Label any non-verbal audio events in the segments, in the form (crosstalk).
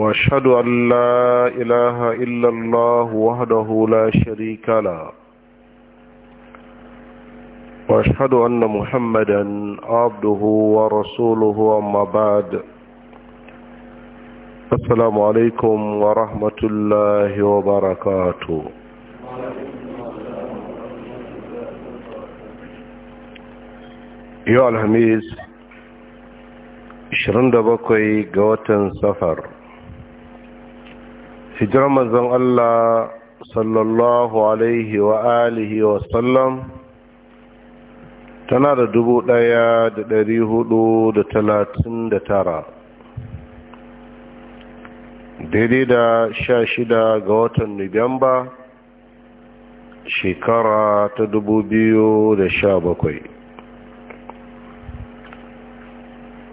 واشهد ان لا اله الا الله وحده لا شريك له واشهد ان محمدا عبده ورسوله اما بعد السلام عليكم ورحمه الله وبركاته يا الهميز 27 بكوي watan سفر hijirar manzon Allah sallallahu alaihi wa alihi wa sallam tana da dubu ɗaya da dari hudu da talatin da tara daidai da sha shida ga watan nubamba shekara ta dubu biyu da sha bakwai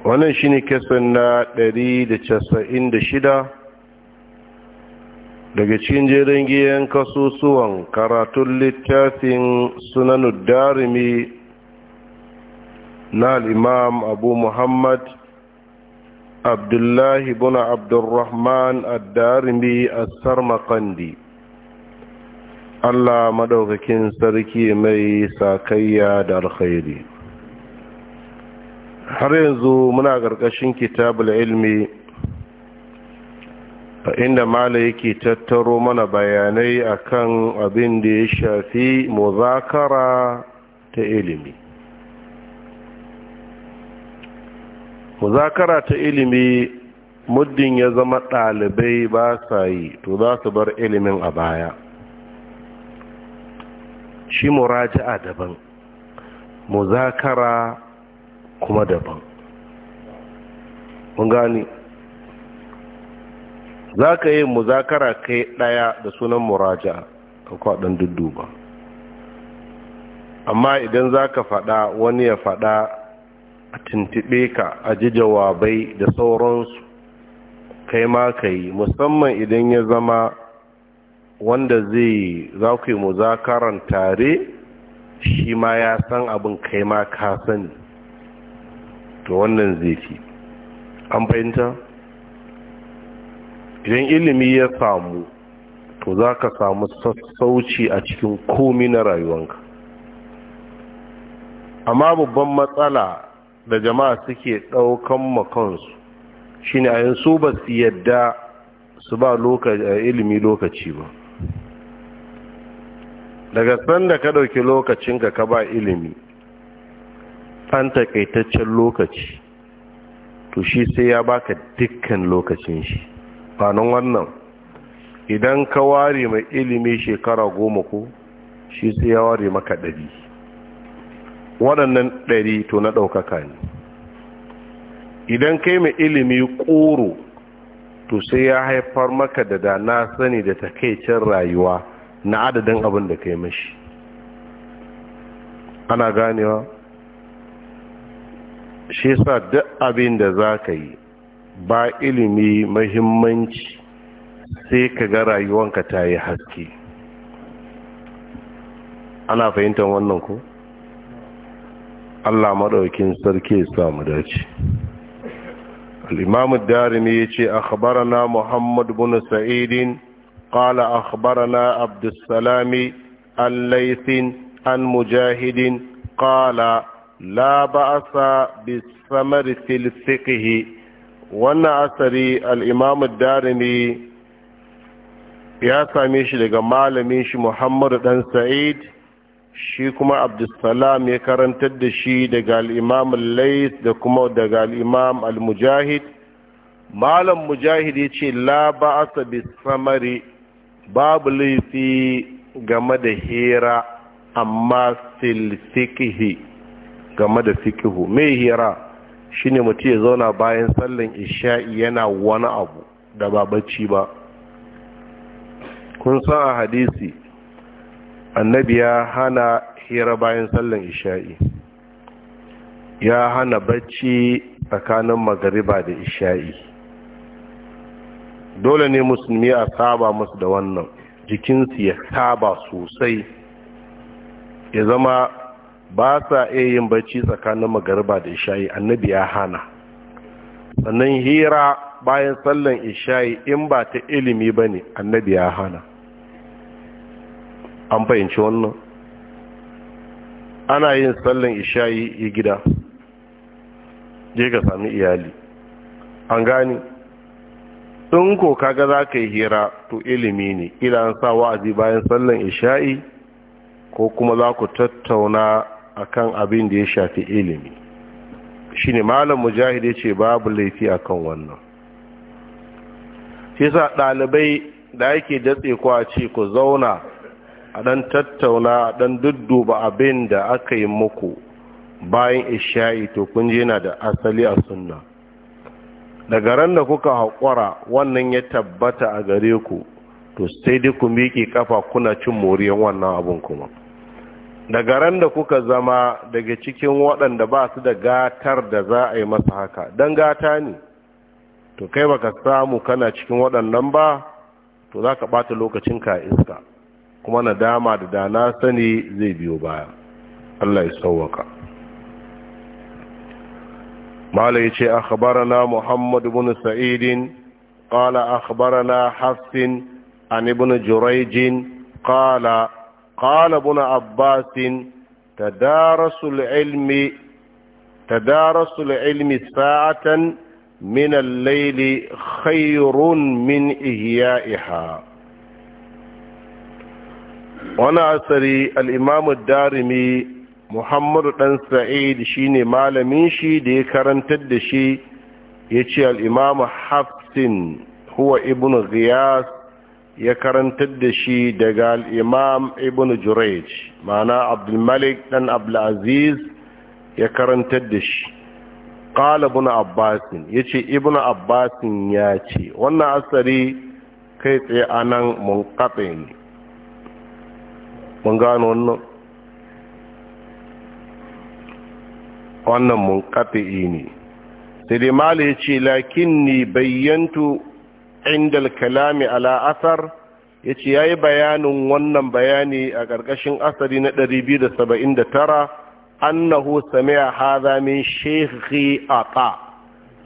wannan shine kesan na dari da casa'in da shida daga cikin jerin giyan kasusuwan karatun littafin sunanud darimi na al'imam abu muhammad abdullahi buna abdurrahman ad-darimi as-sarmaqandi Allah madaukakin sarki mai sakayya da alkhairi har yanzu muna ƙarƙashin kitabul ilmi inda mala yake tattaro mana bayanai akan abin da ya shafi muzakara ta ilimi muzakara ta ilimi muddin ya zama ɗalibai ba sa yi to za su bar ilimin a baya shi muraja'a daban muzakara kuma daban mun gani za ka yi muzakara kai ɗaya da sunan muraja ka kwaɗin dudduba amma idan za ka faɗa wani ya faɗa a tintiɓe ka a ji jawabai da sauransu kai ma ka yi musamman idan ya zama wanda zai za ku yi muzakaran tare shi ma ya san abin kai ma ka sani to wannan zai fi an fahimta? idan ilimi ya samu to za ka samu sassauci a cikin komi na rayuwanka amma babban matsala da jama'a suke ɗaukan makonsu shi ne a yin su ba su yadda su ba eh, ilimi lokaci ba daga sanda ka ɗauki lokacinka ka ba ilimi ɗan takaitaccen lokaci to shi sai ya baka dukkan lokacin shi amfanin wannan idan ka ware mai ilimi shekara goma ko shi sai ya ware maka ɗari waɗannan ɗari to na ɗaukaka ne idan kai mai ilimi ƙoro to sai ya haifar maka da da na sani da takaicin rayuwa na adadin abin da kai mashi ana ganewa shi sa duk abin da za ka yi ba ilimi mahimmanci sai ka ga rayuwanka ta yi haske ana fahimtar wannan ku? Allah maɗaukin sarki sa mu dace al’imamu darimi ya ce akhbarana muhammad bin sa’idin ƙala akhbarana abdussalami allaisin an mujahidin ƙala la ba'asa bi samar fil fiƙihi wannan asari al'imamu darimi ya same shi daga malamin shi muhammadu ɗan sa'id shi kuma abdulsalam ya karantar da shi daga al’imamu lais da kuma daga al'imam al-mujahid malam mujahid ya ce la ba asa samari babu laifi game da hira amma silfikihi game da fikihu mai hira shine mutu ya zauna bayan sallan isha'i yana wani abu da ba bacci ba kun san a hadisi annabi ya hana hira bayan sallan isha'i ya hana bacci tsakanin magariba da isha'i dole ne musulmi a saba musu da wannan jikinsu ya saba sosai ya zama ba sa iya yin bacci tsakanin magarba da isha'i annabi ya hana sannan hira bayan sallan isha'i in ba ta ilimi ba ne annabi ya hana an fahimci wannan ana yin sallan isha'i yi gida je ka sami iyali an gani in ko kaga za ka yi hira to ilimi ne ila an sa wa'azi bayan sallan isha'i ko kuma za ku tattauna akan abin da ya shafi ilimi shine malam mujahid ya ce babu laifi akan wannan shi sa ɗalibai da yake datse kuwa ce ku zauna a ɗan tattauna a ɗan dudduba abin da aka yi muku bayan isha'i to kun je na da asali a sunna daga ran da kuka haƙura wannan ya tabbata a gare ku to sai dai ku miƙe kafa kuna cin moriyar wannan abin kuma daga ran da kuka zama daga cikin waɗanda ba su da gatar da za a yi masa haka don gata ne to kai baka samu kana cikin waɗannan ba to za ka ɓata lokacin ka iska kuma nadama da dana sani zai biyo baya Allah ya sauwaka mala yace akhbarana muhammad ibn sa'id qala akhbarana hafs an ibn jurayj qala قال ابن عباس تدارس العلم تدارس العلم ساعة من الليل خير من إهيائها وانا أثري الإمام الدارمي محمد بن سعيد شيني مالمين شي دي كرنتد شي يتشي الإمام حفص هو ابن غياث ya karantar da shi daga al'imam ibn jurej ma'ana abdulmalik ɗan abdulaziz ya karantar da shi ƙala ibn abbasin ya ce ibn abbasin ya ce wannan asari kai tsaye a nan mun katse ne mun gano wannan wannan mun katse ne sai dai mali ya ce lakin ni bayyantu indal kalami ala asar ya ce ya yi bayanin wannan bayani a ƙarƙashin asali na 279 annahu sami'a haza min shekhi ƙa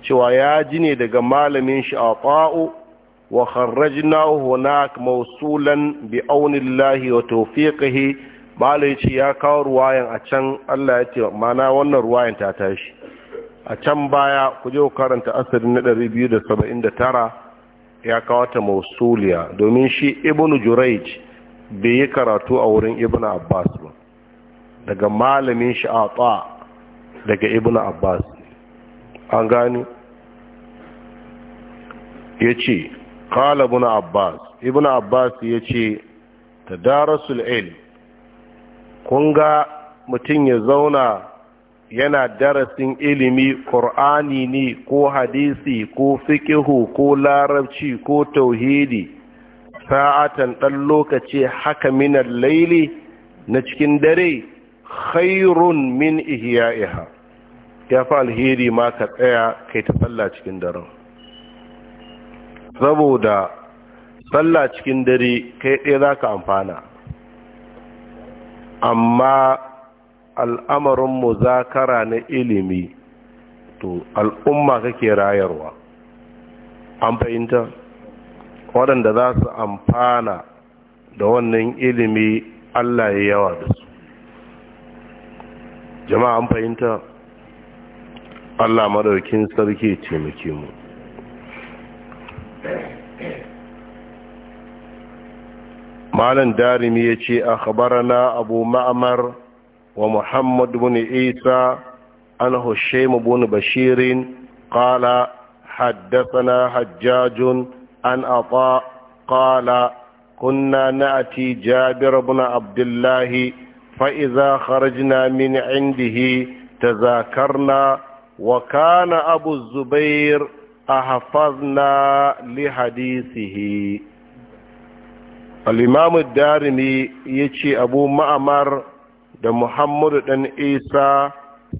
cewa ya ji ne daga malamin shi a ƙa'u wa na hona mausulan bi lahi wa tawfiqihi ya ce ya kawo ruwayan a can Allah ya ce mana wannan ruwayan ta tashi a can baya ku je ku karanta asali na 279 ya kawo ta mausuliya domin shi ibnu juraij bai yi karatu a wurin ibnu abbas ba daga malamin shi a daga ibnu abbas an gani ya ce kala ibnu abbas ibnu abbas ya ce ta darasul il kun ga mutum ya zauna yana darasin ilimi ƙur'ani ne ko hadisi ko fikihu ko larabci ko tauhidi sa'atan ɗan lokaci haka mina laili na cikin dare khairun min ihya'iha ya fi alheri ma ka tsaya kai ta tsalla cikin daren saboda tsalla cikin dare kai ɗaya za ka amfana amma al'amarin muzakara na ilimi to al'umma kake rayarwa an fahimta waɗanda za su amfana da wannan ilimi Allah ya yawa da su jama'a an fahimta Allah madaukin sarki taimake mu malam darimi ya ce a abu ma'amar ومحمد بن عيسى عن هشيم بن بشير قال حدثنا حجاج عن عطاء قال كنا نأتي جابر بن عبد الله فإذا خرجنا من عنده تذاكرنا وكان أبو الزبير أحفظنا لحديثه الإمام الدارمي يشي أبو معمر da muhammadu ɗan isa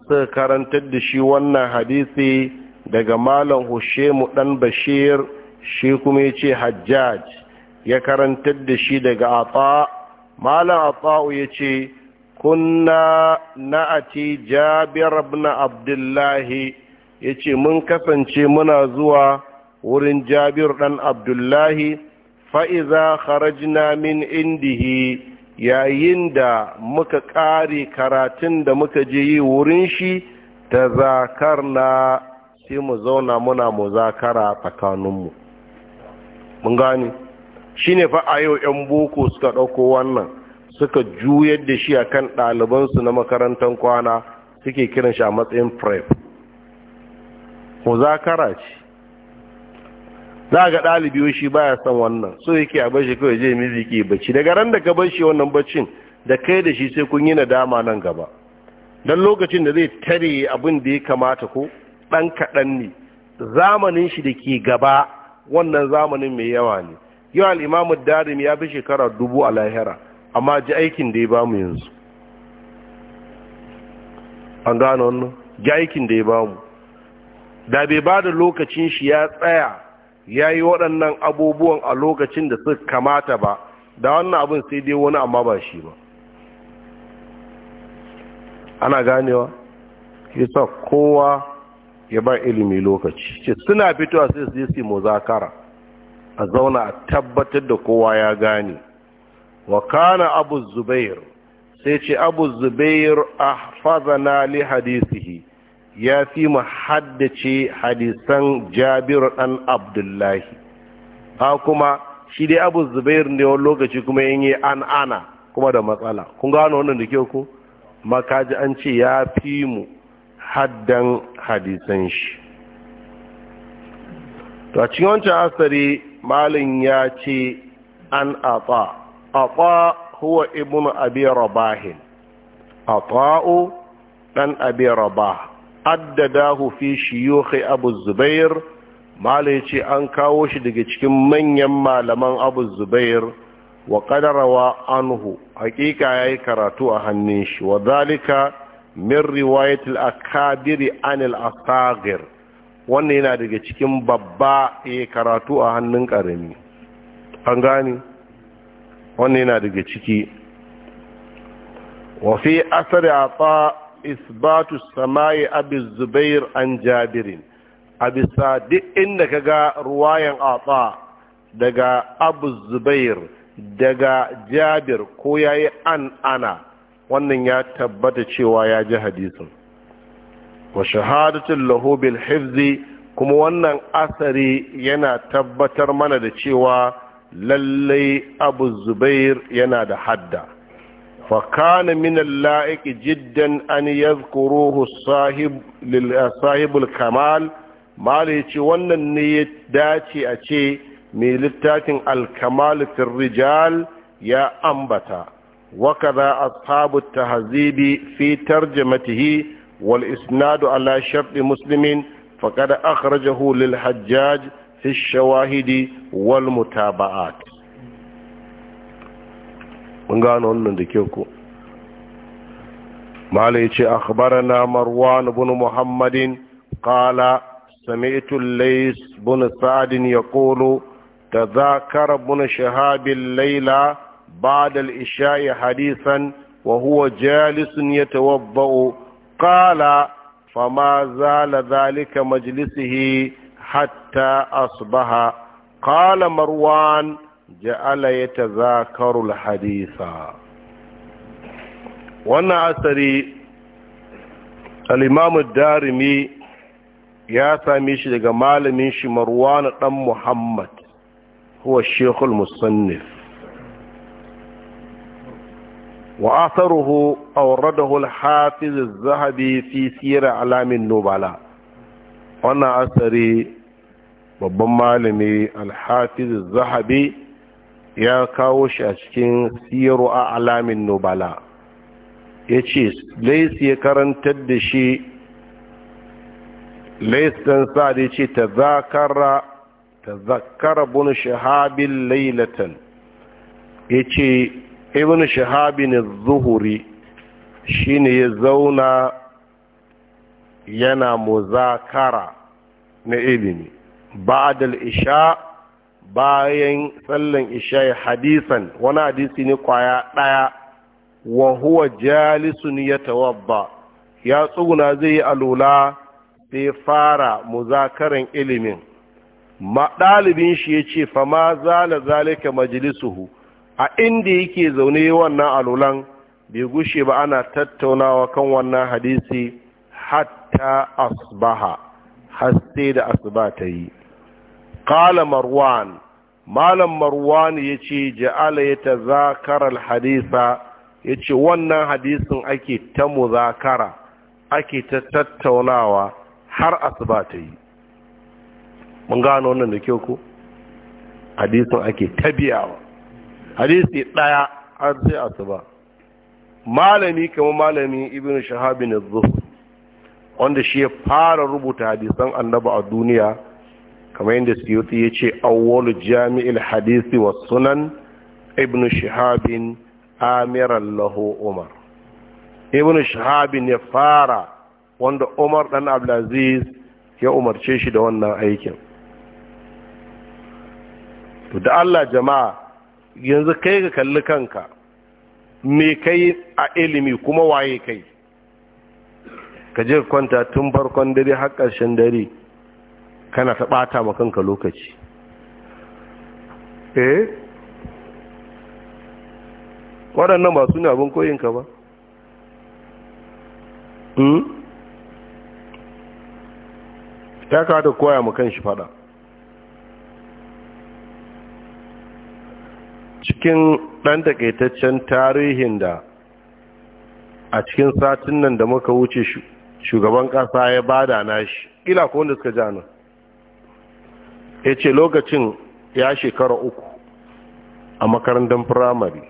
suka karantar da shi wannan hadisi daga malam hushemu ɗan bashir shi kuma ya ce hajjaj ya karantar da shi daga atsa malam atsa'u ya ce kunna na'ati jabir ibn abdullahi ya ce mun kasance muna zuwa wurin jabir ɗan abdullahi fa'iza kharajna min indihi yayin da muka ƙare karatun da muka je yi wurin shi ta na, sai mu zauna muna muzakara tsakaninmu mun gane shi ne fa a yau 'yan boko suka ɗauko wannan suka juyar da shi a kan ɗalibansu na makarantar kwana suke kiran shi a matsayin prep muzakara ce za ga ɗalibi shi baya son wannan so yake a bashi kawai je mizi ke bacci daga ran da ka bar shi wannan baccin da kai da shi sai kun yi na dama nan gaba dan lokacin da zai tare abin da ya kamata ko ɗan kaɗan ne zamanin shi da ke gaba wannan zamanin mai yawa ne yau al'imamu darim ya fi shekara dubu a lahira amma ji aikin da ya bamu mu yanzu an gano wannan ji aikin da ya ba da bai ba da lokacin shi ya tsaya ya yi waɗannan abubuwan a lokacin da su kamata ba da wannan abin sai dai wani amma ba shi ba ana ganewa sa kowa ya ba ilimi lokaci ce suna fitowa sai su yi su muzakara a zauna a tabbatar da kowa ya gane wa kana abu zubair sai ce abu zubair a fazana li hadisihi ya fi mu haddace hadisan jabiru ɗan abdullahi ha kuma shi dai abu zubair ne wani lokaci kuma yin yi an ana kuma da matsala kun gano wannan da kyau ko makaji an ce ya fi mu haddan hadisan shi to a cikin wancan asari malin ya ce an atsa atsa huwa ibnu abi rabahin atsa'u dan abi rabah addadahu fi shiyukhi abu zubair malai ce an kawo shi daga cikin manyan malaman abu zubair wa wa anhu hakika yayi karatu a hannun shi wa zalika min riwayat al-akabir an al-asagir wannan yana daga cikin babba yayi karatu a hannun karami an gani wannan yana daga ciki wa fi asari a isbatu sama'i abi الزبير an jabirin a bisa duk inda ka ga ruwayan atsa daga abu zubair daga jabir ko ya yi wannan ya tabbata cewa ya ji hadisin wa shahadatul lahu bil hifzi kuma wannan asari yana tabbatar mana da cewa lallai abu zubair yana da hadda فكان من اللائق جدا أن يذكروه الصاحب للصاحب الكمال ما ليش وانا النية داتي أشي من لتاتن الكمال في الرجال يا أنبتا وكذا أصحاب التهذيب في ترجمته والإسناد على شرط مسلم فقد أخرجه للحجاج في الشواهد والمتابعات mun gano wannan da kyau ko mala ya ce akhbarana marwan ibn muhammadin qala sami'tu lays ya sa'd yaqulu tadhakara ibn shahab al-layla ba'da al-isha'i hadithan wa huwa jalis yatawaddau qala fama zala dhalika majlisihi hatta asbaha qala marwan ja'ala ya tazakarul hadisa wannan asari al'imamu darimi ya same shi daga malamin shi marwana ɗan muhammad huwa shekul musannif وآثره auradahul الحافظ zahabi في سير أعلام النبلاء وانا أثري babban malami alhafiz zahabi ya kawo shi a cikin siyaru a alamin nubala ya ce lais ya karantar da shi lais ɗan da ya ce ta zakara bin shahabin lailatan ya ce ibn shahabin zuhuri shi ne ya zauna yana muzakara na ilimi ba'adal isha bayan sallan isha'i hadisan wani hadisi ne kwaya ɗaya wa huwa jalisun ya tawabba ya tsuguna zai yi alula sai fara muzakaran ilimin ɗalibin shi ya ce fa ma zala zalika majalisuhu a inda yake zaune wannan alulan bai gushe ba ana tattaunawa kan wannan hadisi hatta asbaha har sai da asuba ta yi qala marwan malam marwan ya ce ja'ala ya ta zakarar hadisa ya ce wannan hadisin ake ta muzakara ake ta tattaunawa har asuba ta yi mun gano wannan da kyau ko hadisin ake tabiyawa hadisi ɗaya har sai asuba malami kama malami ibn shahabin az wanda shi ya fara rubuta hadisan annaba a duniya kamar yadda suyuti ya ce awwalu jami'il hadisi wa sunan ibn shahabin amiran lahu umar ibn shahabin ya fara wanda umar dan abdulaziz ya umarce shi da wannan aikin da Allah jama'a yanzu kai ga kalli kanka me kai a ilimi kuma waye kai ka je kwanta tun farkon dare har ƙarshen dare kana ta bata ma kanka lokaci eh waɗannan ba su ne abin koyinka ba hmm? ya kawata koya ma kan shi fada cikin ɗan takaitaccen tarihin da a cikin satin nan da muka wuce shugaban ƙasa ya bada nashi ƙila ko wanda suka ja nan ya ce lokacin ya shekara uku a makarantar firamare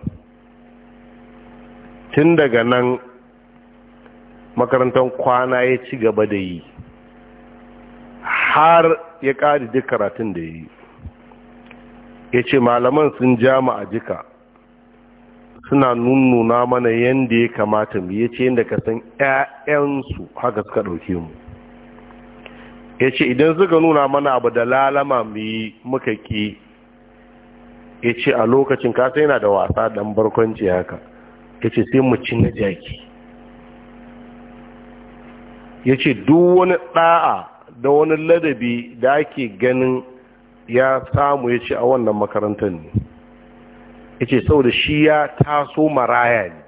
tun daga nan makarantar kwana ya ci gaba da yi har ya ƙari duk karatun da ya yi ya ce malaman sun jama a jika suna nunnuna mana yadda ya kamata mu ya ce yadda ka san 'ya'yansu haka suka ɗauke mu ya ce idan suka nuna mana abu da lalama mu yi muka ƙi ya ce a lokacin kasa yana da wasa dan barkwanci haka ya ce sai mu ci na jaki ya ce duk wani ɗa'a da wani ladabi da ake ganin ya samu ya ce a wannan makarantar ne ya ce sau da shi ya taso maraya ne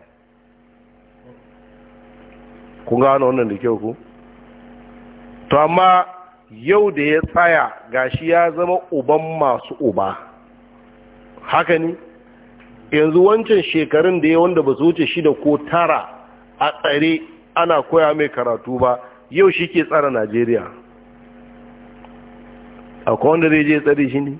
kun gano wannan da kyau ku to amma yau da ya tsaya ga shi ya zama uban masu uba haka ne yanzu wancan shekarun da ya wanda ba su wuce shida ko tara a tsare ana koya mai karatu ba yau shi ke tsara najeriya akwai wanda zai je tsare shi ne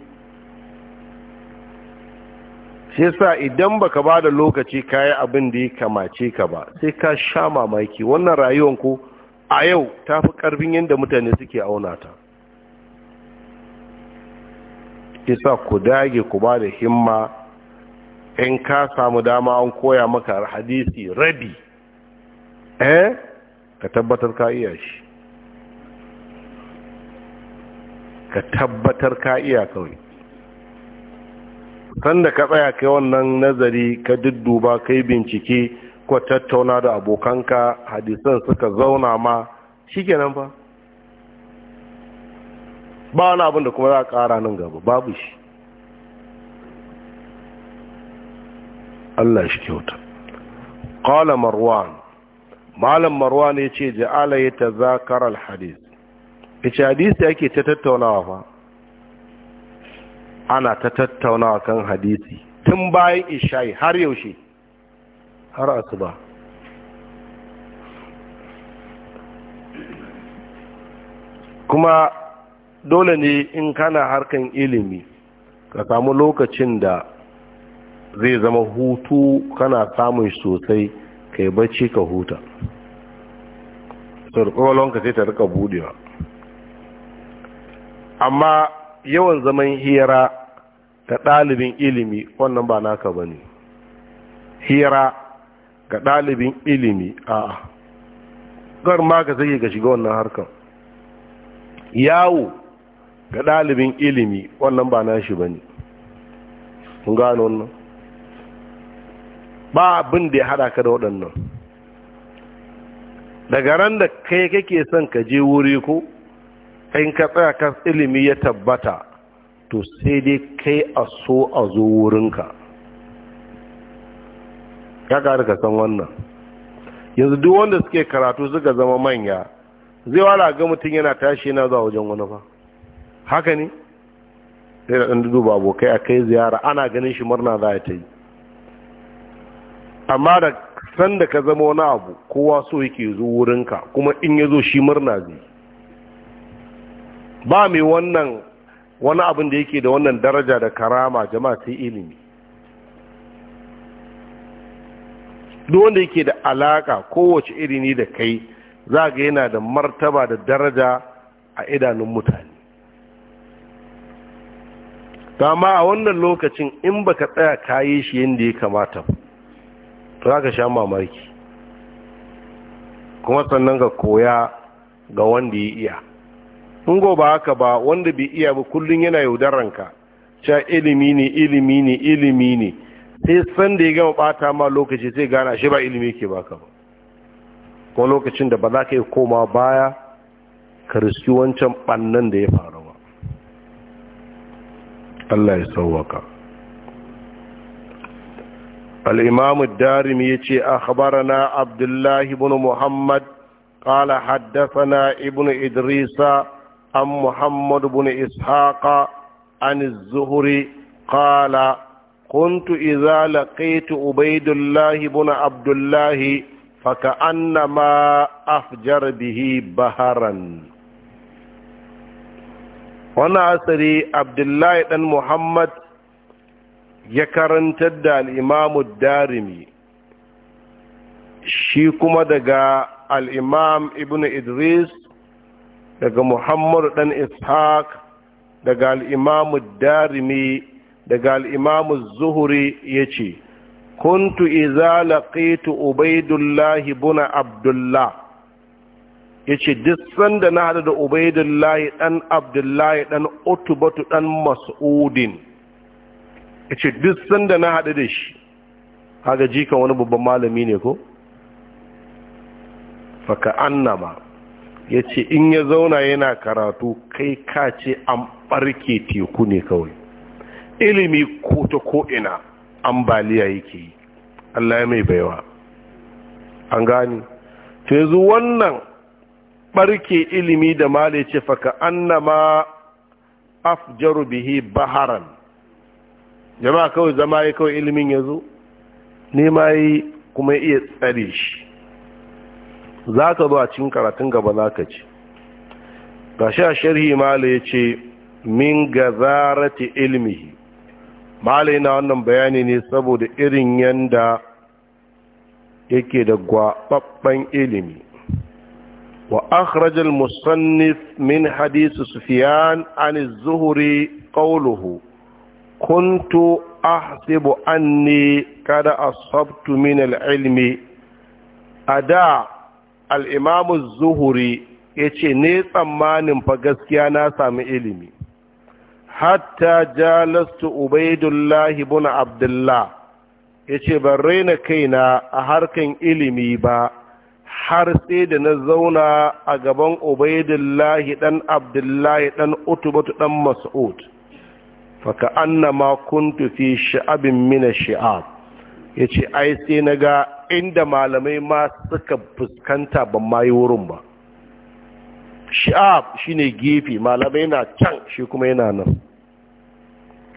shi sa idan baka ba da lokaci kayi abin da ya kamace ka ba sai ka sha mamaki wannan rayuwan ko a yau ta fi ƙarfin yadda mutane suke auna ta isa ku dage ku ba da himma in ka samu dama an koya maka hadisi rabi eh ka tabbatar ka iya shi ka tabbatar ka iya kawai sanda ka tsaya kai wannan nazari ka dudduba kai bincike ko tattauna da abokanka hadisan suka zauna ma shikenan fa ba wani abin da kuma za a ƙara nan gaba babu shi Allah shi kyauta ƙala marwan malam marwan ya ce ja'ala ya hadis alhadis yace hadisi ake ta tattaunawa fa ana ta tattaunawa kan hadisi tun bayan isha'i har yaushe har asuba kuma dole ne in kana harkan ilimi ka samu lokacin da zai zama hutu kana samun sosai ka yi bacci ka huta sarkwalonka sai ta rika budewa amma yawan zaman hira ta ɗalibin ilimi wannan ba naka ba ne hira ga ɗalibin ilimi a gar ma ka zage ka shiga wannan harkan yawo ga ɗalibin ilimi wannan ba nashi ba ne kun gano wannan ba abin da ya haɗa ka da waɗannan daga ran da kai kake son ka je wuri ko in ka tsaya kan ilimi ya tabbata to sai dai kai a so a zo wurinka ya ƙari ka san wannan yanzu duk wanda suke karatu suka zama manya zai wala ga mutum yana tashi yana zuwa wajen wani ba haka ne sai da ɗan duba abokai a kai ziyara ana ganin shi murna za a ta yi amma da san da ka zama wani abu kowa so yake zo wurinka kuma in ya zo shi murna zai ba mai wannan wani abin da yake da wannan daraja da karama jama'a sai ilimi duk wanda yake da alaka kowace iri ne da kai za ga yana da martaba da daraja a idanun mutane amma a wannan lokacin in baka tsaya kayi shi yadda ya kamata to za ka sha mamaki kuma sannan ka koya ga wanda ya iya in ba haka ba wanda bai iya ba kullum yana yaudaranka sha ilimi ne ilimi ne ilimi ne sai san da ya gama bata ma lokaci sai gana shi ba ilimi ke ka ba ko lokacin da ba za ka yi koma baya ka wancan bannan da ya faru ba Allah ya sauwaka al’imam darim ya ce a khabara na abdullahi ibn muhammad ƙala haddasa na ibn idrisa an muhammadu ibn ishaqa an zuhuri ƙala كنت إذا لقيت عبيد الله بن عبد الله فكأنما أفجر به بهرا wani asiri abdullahi ɗan muhammad ya karantar da al’imamu darimi shi kuma daga al’imam ibn idris daga muhammadu ɗan Ishak, daga al’imamu darimi daga al'imamu zuhuri ya ce kuntu iza laqitu ubaidullahi buna abdullah ya ce duk sanda na hada da ubaidullahi ɗan abdullahi ɗan utubatu ɗan mas'udin ya ce duk sanda na hada da shi haga jikan wani babban malami ne ko? faka annama ya ce in ya zauna yana karatu kai ka ce an ɓarke teku ne kawai ilimi ko ta ko'ina ambaliya yake yi Allah ya mai baiwa an gani to yanzu wannan barke ilimi da male ce faka annama afjaru bihi baharan jama'a kawai zama ya kawai ilimin ya zo nema yi kuma iya tsare shi za ka zo a cikin karatun gaba za ka ce ga sha sharhi male ya ce min gazarati ilmihi malai na wannan bayani ne saboda irin yanda yake da gwababban ilimi wa akhrajal musannif min hadith sufyan an az-zuhri qawluhu kuntu ahsibu anni kada asabtu min al-ilmi ada al-imam az-zuhri yace ne tsammanin fa gaskiya na sami ilimi hatta jalastu ubaidullahi ibn abdullah yace ban raina kaina a harkan ilimi ba har sai da na zauna a gaban ubaidullahi dan abdullahi dan utubatu dan mas'ud faka annama kuntu fi sha'abin min ya yace ai sai na ga inda malamai ma suka fuskanta ban ma yi wurin ba shi shine gefe malamai yana can shi kuma yana nan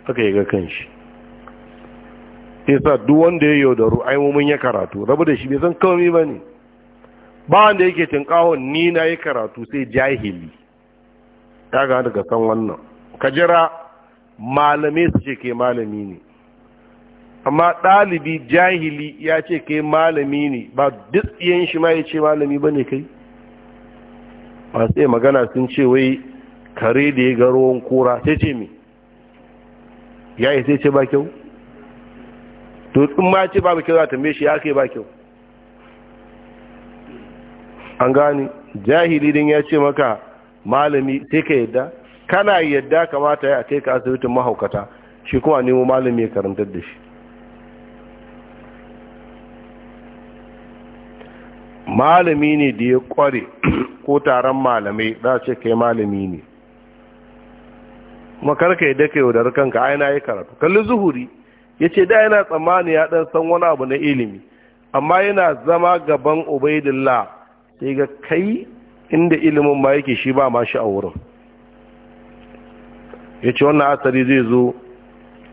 haka yi ga kanshi yasa duk wanda ya yaudaru aimomin ya karatu rabu da shi bai san kawai ba ne ba wanda yake tinkawon ni na yi karatu sai jahili ya ga daga san wannan ka jira malamai su ce ke malami ne amma ɗalibi jahili ya ce ke malami ne ba duk yin shi ma ya ce malami ba ne kai masu magana sun ce wai kare da ya ga ruwan kura sai ce mi ya yi sai ce ba kyau to in ma ce babu kyau za ta mai shi ya kai ba kyau an gani jahili din ya ce maka malami sai ka yadda kana yadda kamata ya kai ka asibitin mahaukata shi kuma nemo malami ya karantar da shi malami ne da ya kware (clears throat) ko taron malamai za ce kai malami ne makarka ya daka yau da rikanka aina ya karatu kalli zuhuri ya ce da yana tsammani ya dan san wani abu na ilimi amma yana zama gaban ubaidillah sai ga kai inda ilimin ma yake shi ba ma shi a wurin ya ce wannan asali zai zo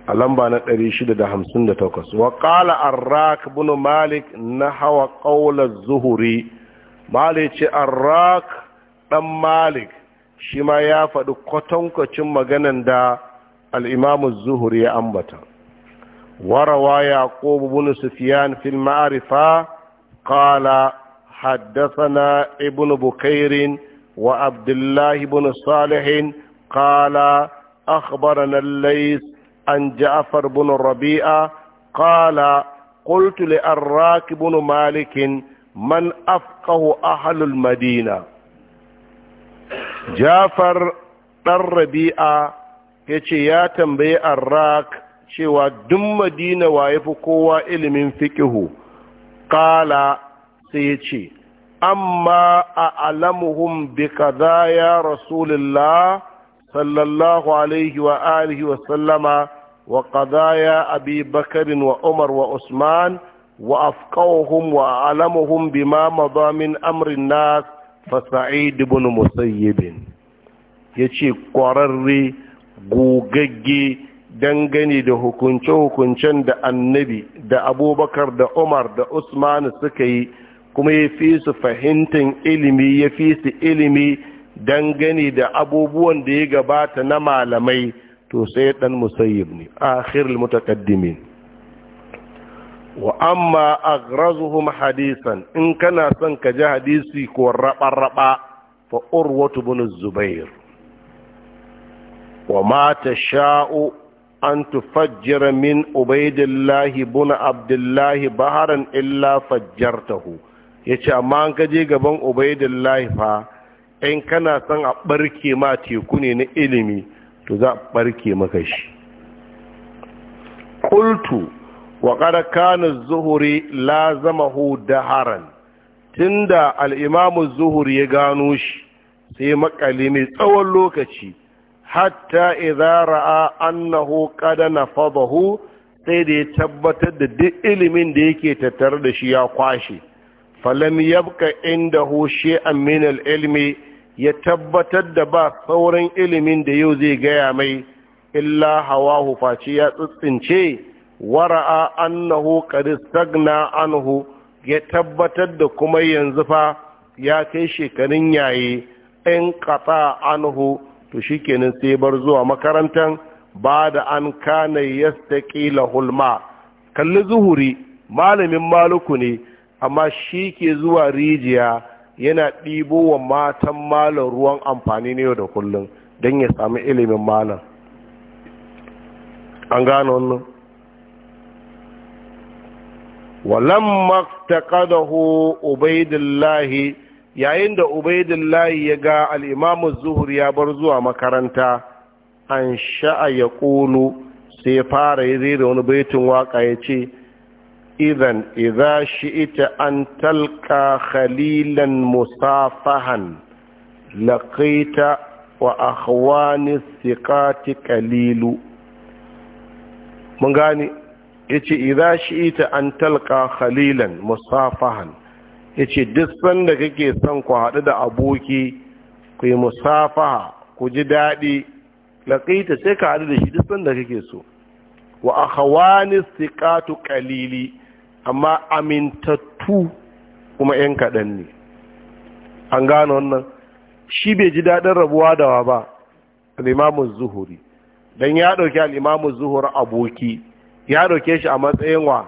a lamba na 658 wa qala arrak bin malik na hawa ƙaular zuhuri. malik ce arrak dan malik shi ma ya faɗi kwatankwacin maganan da al zuhuri ya ambata warawa yaqub bin sufiyan fil ma'rifa ƙala Haddasana ابن Bukairin wa Abdullahi bin Salihin ƙala أخبرنا lais عن جعفر بن الربيعة قال قلت لأراك بن مالك من أفقه أهل المدينة جعفر ɗan rabi'a ya ce ya tambayi arrak cewa duk madina waye fi kowa ilimin fikihu qala sai ya ce amma a alamuhum bi kaza ya rasulullah sallallahu alaihi wa alihi wa sallama وقضايا أبي بكر وعمر وعثمان وأفقوهم وأعلمهم بما مضى من أمر الناس فسعيد بن مسيب يشي قرري gogagge dangane da hukunce-hukuncen da annabi da abubakar da umar da usmanu suka yi kuma ya fi su fahimtar ilimi ya fi su ilimi dangane da abubuwan da ya gabata na malamai to sai dan musayyib ne akhirul mutaqaddimin wa amma aghrazuhum hadisan in kana son ka ji hadisi ko raba raba fa urwatu ibn zubair wa ma tasha'u an tufajjira min ubaidillahi ibn abdullahi baharan illa fajjartahu yace amma an kaje gaban ubaidillahi fa in kana son a barke ma teku ne na ilimi to za a barke maka shi Kultu, wa qad zuhuri la zama lazamahu da Haran. al da zuhuri ya gano shi sai maƙalimi mai tsawon lokaci hatta idza ra'a annahu qad hu?' sai da ya tabbatar da duk ilimin da yake tattare da shi ya kwashe falam yabka inda shay'an min aminal ilmi ya tabbatar da ba sauran ilimin da yau zai gaya mai illa hawahu face ya tsitsince wara'a annahu qad stagna anhu ya tabbatar da kuma yanzu fa ya kai shekarun yayi in qata anhu to shikenan sai bar zuwa makarantan ba da an kana yastaqi hulma kalli zuhuri malamin maluku ne amma shi ke zuwa rijiya yana ɗibo wa matan malam ruwan amfani ne yau da kullum don ya sami ilimin malam an gano wannan walamma taqadahu ubaidillahi yayin da Ubaidullahi ya ga al'imamu zuhur ya bar zuwa makaranta an sha'a ya ƙulu sai fara yi zai da wani baitin waƙa ya ce idan idza shi'ta an talqa khalilan musafahan laqita wa akhwani thiqati qalilu mun gane yace idza shi'ta an talqa khalilan musafahan yace duk sanda kake son ku haɗu da aboki ku yi musafaha ku ji daɗi laƙaita sai ka haɗu da shi duk sanda kake so wa akhawani siqatu qalili amma amintattu kuma 'yan kaɗan ne an gano wannan shi bai ji daɗin rabuwa dawa ba al'imamun zuhuri don ya ɗauki al'imamun zuhuri aboki ya ɗauke shi a matsayin wa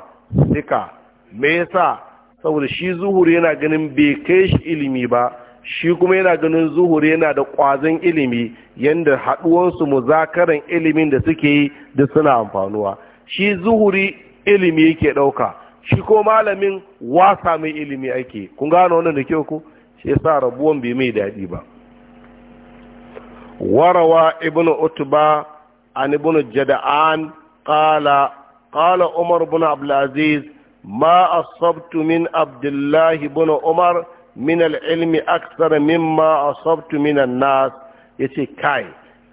suka me yasa saboda shi zuhuri yana ganin bai kai shi ilimi ba shi kuma yana ganin zuhuri yana da ƙwazon ilimi yadda haɗuwansu muzakaran ilimin da suke yi da suna amfanuwa shi zuhuri ilimi yake ɗauka shi ko malamin wasa mai ilimi ake kun gano wannan da kyau ko shi yasa rabuwan bai mai daɗi ba warawa ibnu utba an ibnu jada'an qala qala umar ibn abdul aziz ma asabtu min abdullah ibn umar min al-ilmi akthar mimma asabtu min an-nas yace kai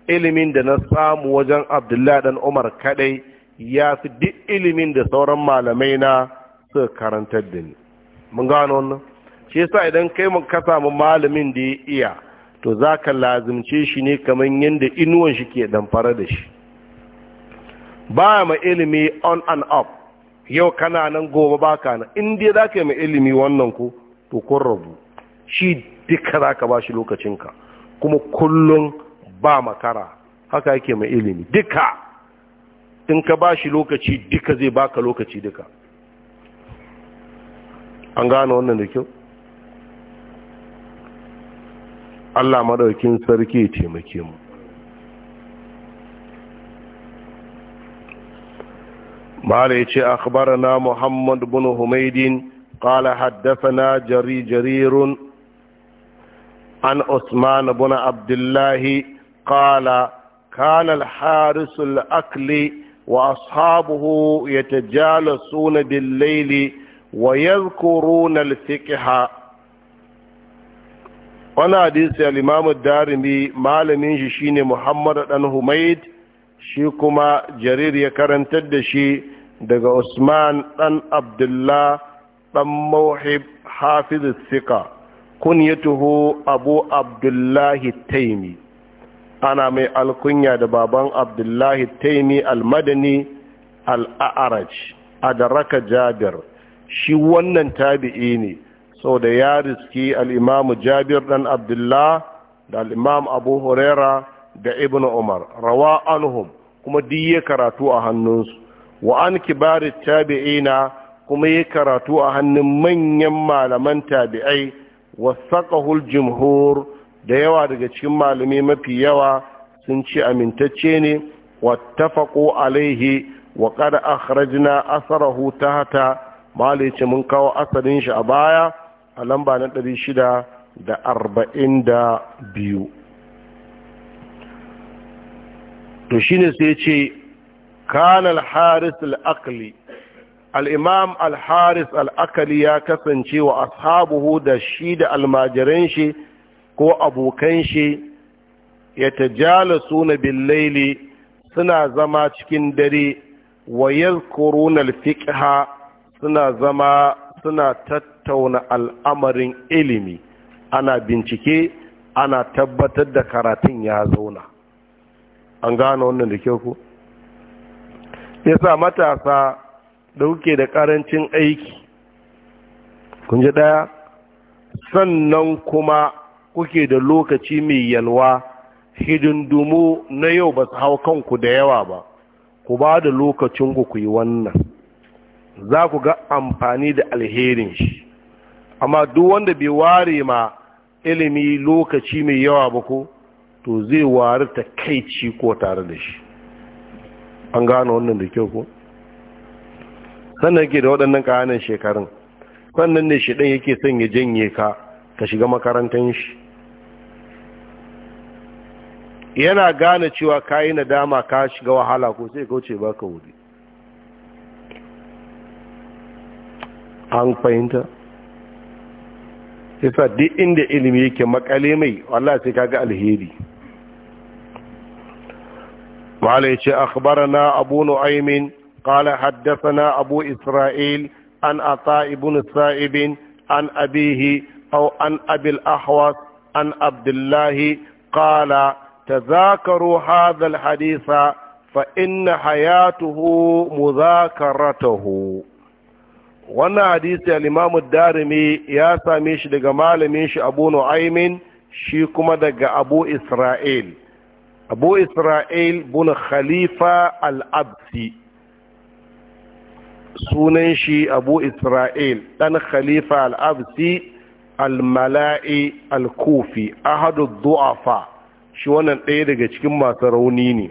ilimin da na samu wajen abdullah dan umar kadai ya fi duk ilimin da sauran malamai na suka karantar da ni mun gano wannan shi yasa idan kai mun ka samu malamin da ya iya to za ka lazimce shi ne kamar yadda inuwan shi ke damfara da shi ba ma ilimi on and up yau kana nan gobe ba ka nan in dai za ka yi ma ilimi wannan ku to kun rabu shi duka za ka ba shi lokacinka kuma kullum ba makara haka yake ma ilimi duka in ka ba shi lokaci duka zai baka lokaci duka an gano wannan da kyau Allah madaukin sarki ya taimake mu mala yace na Muhammad bin Humaydin qala haddathana jari jarirun an Usman ibn Abdullahi, qala kana al-harisul akli wa ashabuhu yatajalasuna bil wa yadhkuruna al-fiqha wani hadisi al-imamu darimi malamin shi shine muhammad dan humaid shi kuma jariri ya karantar da shi daga usman dan abdullah dan mawhib hafiz al-thiqa kunyatuhu abu abdullahi taimi ana mai alkunya da baban abdullahi taimi al-madani al-a'raj adraka jabir shi wannan tabi'i ne sau da ya riski al'imamu jabir ɗan abdullah da al'imam abu huraira da ibn umar rawa anhum kuma duk ya karatu a hannunsu wa an kibari na kuma ya karatu a hannun manyan malaman tabi'ai wa saƙahul jimhur da yawa daga cikin malami mafi yawa sun ce amintacce ne wa wattafaƙo alaihi wa ƙada akhrajna asarahu hata. malai ce mun kawo asalin shi a baya a lamba na ɗari shida da arba'in da biyu to ne sai ce kan al-haris al-aqli al al-haris al ya kasance wa ashabuhu da shi da almajiran shi ko abokan shi ya tajalasuna suna laili suna zama cikin dare wa yankuru na suna zama suna tattauna al'amarin ilimi ana bincike ana tabbatar da karatun ya zauna an gano wannan da kyau ku yasa matasa da kuke da karancin aiki kun ji daya sannan kuma kuke da lokaci mai yalwa hidindumu na yau ba su hau kanku da yawa ba ku ba da lokacinku ku yi wannan za ku ga amfani da alherin shi amma duk wanda bai ware ma ilimi lokaci mai yawa ba ko to zai wari ta kai ci ko tare da shi an gano wannan da kyau ko sannan ke da waɗannan ƙananan shekarun sannan ne shi ɗan yake son ya janye ka ka shiga makarantar shi yana gane cewa ka yi nadama ka shiga wahala ko sai kauce ba ka wuri an fahimta yasa duk inda ilimi yake makale mai wallahi sai kaga alheri wala yace akhbarana abu nu'aym qala haddathana abu isra'il an ata ibn sa'ib an abihi aw an abil ahwas an abdullah qala تذاكروا هذا الحديث فإن حياته مذاكرته wannan hadisi al-imamu darimi ya same shi daga malamin shi abu nu'aymin shi kuma daga abu isra'il abu isra'il bin khalifa al-absi sunan shi abu isra'il dan khalifa al-absi al-mala'i al-kufi ahadu du'afa shi wannan ɗaya daga cikin masu rauni ne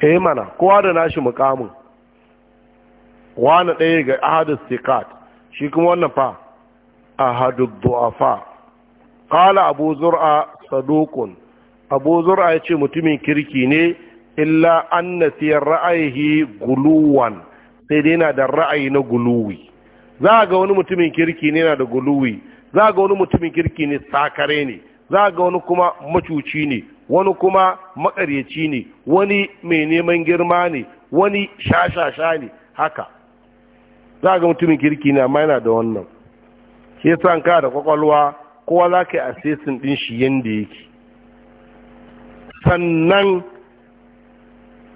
eh mana kowa da nashi mukamin wani ɗaya ga ahadus sikat shi kuma wannan fa ahadud du'afa qala abu zur'a sadukun abu zur'a ce mutumin kirki ne illa na fi ra'ayihi guluwan sai dai yana da ra'ayi na guluwi za ga wani mutumin kirki ne yana da guluwi za ga wani mutumin kirki ne sakare ne za ga wani kuma macuci ne wani kuma makaryaci ne wani mai neman girma ne wani shashasha ne haka za ga mutumin kirki na amma yana da wannan shi san ka da kwakwalwa kowa za ka yi assessing din shi yadda yake sannan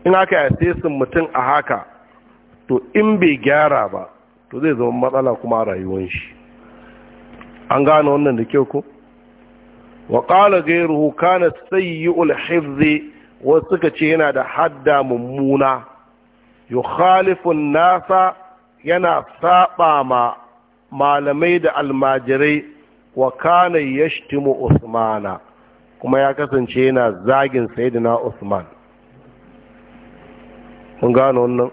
in aka yi assessing mutum a haka to in bai gyara ba to zai zama matsala kuma a rayuwar shi an gane wannan da kyau ko wa qala ghayruhu kana yi hifzi wasu suka ce yana da hadda mummuna khalifin nasa yana saba ma malamai da almajirai wa kana yashtimu usmana kuma ya kasance yana zagin sayyidina usman mun gano wannan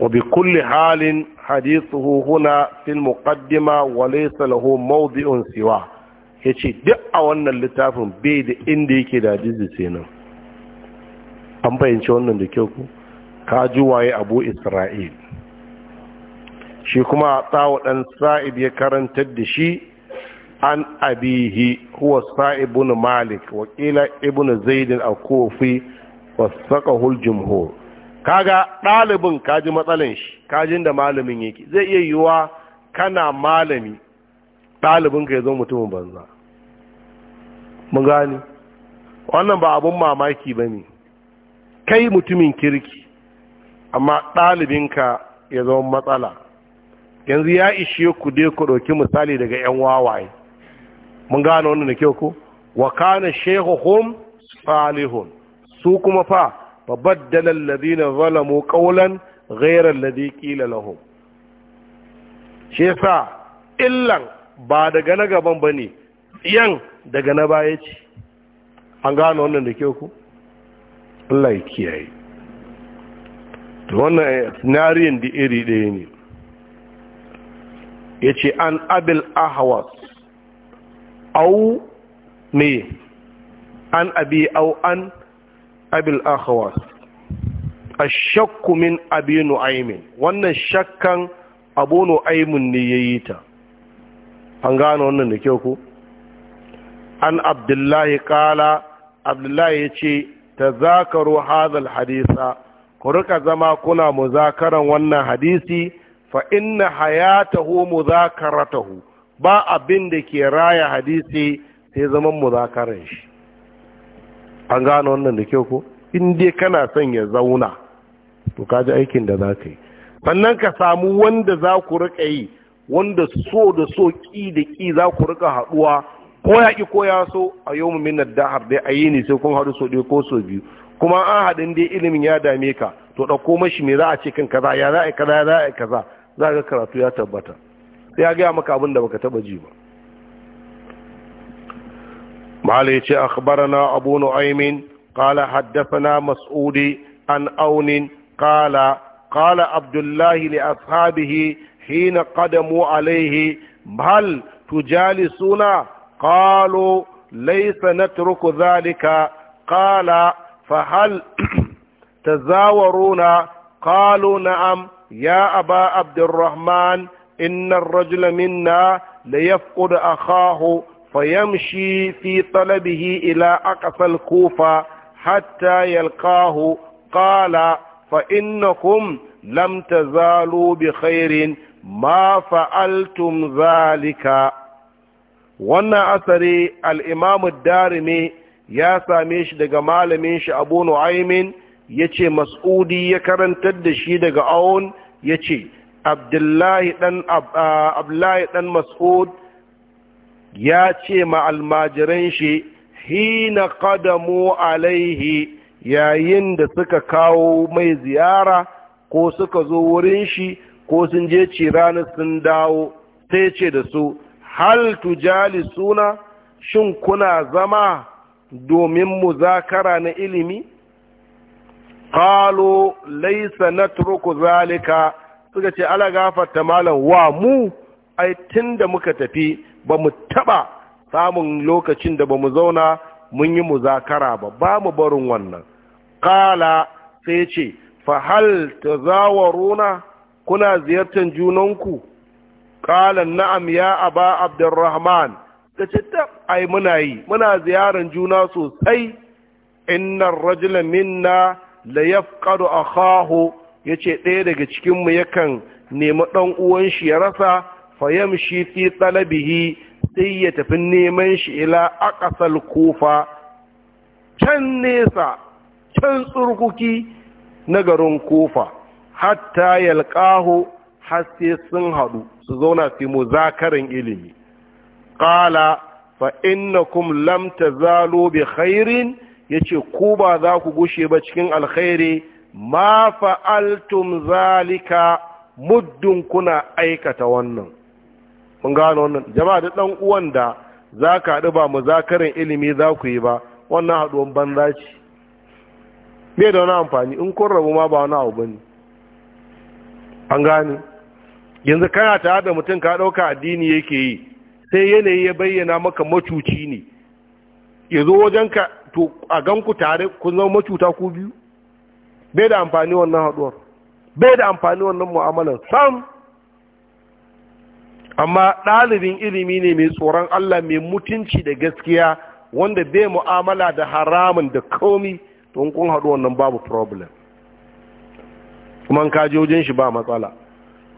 wa bi kulli halin hadithuhu huna fil muqaddima wa laysa lahu mawdi'un siwa yace duk a wannan littafin bai da inda yake da hadisi sai nan an bayyana wannan da kyau ku ka ji waye abu isra'il shi kuma tsawo ɗan sa'ib ya karantar da shi an abihi huwa sa'ibun malik wakila ibn zaidin a kofi wasakahul jumhur kaga ɗalibin kaji matsalin shi kajin da malamin yake zai iya yiwuwa kana malami ɗalibinka ya zo mutumin banza mun gani wannan ba abun mamaki ba ne kai mutumin kirki amma ɗalibinka ya zama matsala yanzu ya ishe ku dai ku ɗauki misali daga 'yan wawaye mun gane wannan da kyau ku wa kana shaykhuhum salihun su kuma fa babaddala alladhina zalamu ƙaunan gairar ladi ƙila lahun shi sa illan ba daga na gaban ba ne, yan daga na baya ce an gane wannan da kyau ku Allah ya kiyaye to wannan eh, sinariyan da iri ɗaya ne ya ce an abil ahawas au me an abi au an abil ahawas a shakku min abi nu'aimin wannan shakkan abu nu'aimin ne ya yi ta an gano wannan da kyau ku an abdullahi kala abdullahi ya ce ta zakaru hadal hadisa ku rika zama kuna muzakaran wannan hadisi fa inna hayatahu muzakaratahu ba abin da ke raya hadisi sai zaman muzakaran shi an gano wannan da kyau ko in dai kana son ya zauna to ka ji aikin da za ka yi sannan ka samu wanda za ku rika yi wanda so da so ƙi da ƙi za ku rika haɗuwa ko ya ƙi ko ya so a yau da dahar dai a yi ne sai kun haɗu so ɗaya ko so biyu kuma an haɗin dai ilimin ya dame ka to ɗauko mashi me za a ce kan kaza ya za a kaza za a kaza za ga karatu ya tabbata sai ya gaya maka abin da baka taba ji ba mahala ya ce akhbarana abu nu'aymin qala haddathana mas'udi an aunin qala qala abdullahi li ashabihi hina qadamu alayhi hal tujalisuna qalu laysa natruku dhalika qala فهل (clears throat) تزاورون قالوا نعم يا أبا عبد الرحمن إن الرجل منا ليفقد أخاه فيمشي في طلبه إلى أقصى الكوفة حتى يلقاه قال فإنكم لم تزالوا بخير ما فعلتم ذلك وأن أثري الإمام الدارمي ya same shi daga malamin shi abu nu'aimin ya ce mas'udi ya karantar da shi daga awon ya ce abdullahi dan mas'ud ya ce ma almajiran shi hina qadamu alaihi yayin da suka kawo mai ziyara ko suka zo wurin shi ko sun je ci ranar sun dawo sai ce da su hal tujali suna shin kuna zama domin muzakara na ilimi qalu laysa natruku zalika suka ce ala gafarta malam wa mu ai da muka tafi ba mu taba samun lokacin da ba mu zauna mun yi muzakara ba ba mu barin wannan qala sai ce fa hal tazawaruna kuna ziyartar junanku qala na'am ya aba abdurrahman da ce ta ai muna yi muna ziyaran juna sosai innan rajulan minna la yafqadu Ya yace ɗaya daga cikin mu yakan nemi ɗan uwan shi ya rasa fayamshi fi talabihi sai ya tafi neman shi ila aqsal kufa can nesa can tsurkuki na garin kofa, hatta yalqahu har sai sun haɗu su zauna su yi muzakarin ilimi qala fa innakum lam tazalu bi khairin yace ku ba za ku gushe ba cikin alkhairi ma fa'altum zalika muddin kuna aikata wannan mun gano wannan jama'a da dan uwan da zaka haɗu ba muzakarin ilimi za ku yi ba wannan haɗuwan banza ce Me da wani amfani in kun rabu ma ba wani abu bane an gane yanzu kana tare da mutum ka ɗauka addini yake yi sai yanayi ya bayyana maka macuci ne ya zo wajenka to a ganku tare kun zama macuta ku biyu bai da amfani wannan haɗuwar bai da amfani wannan mu'amalar sam amma ɗalibin ilimi ne mai tsoron Allah mai mutunci da gaskiya wanda bai mu'amala da haramun da komi don kun haɗu wannan babu problem kuma ka wajen shi ba matsala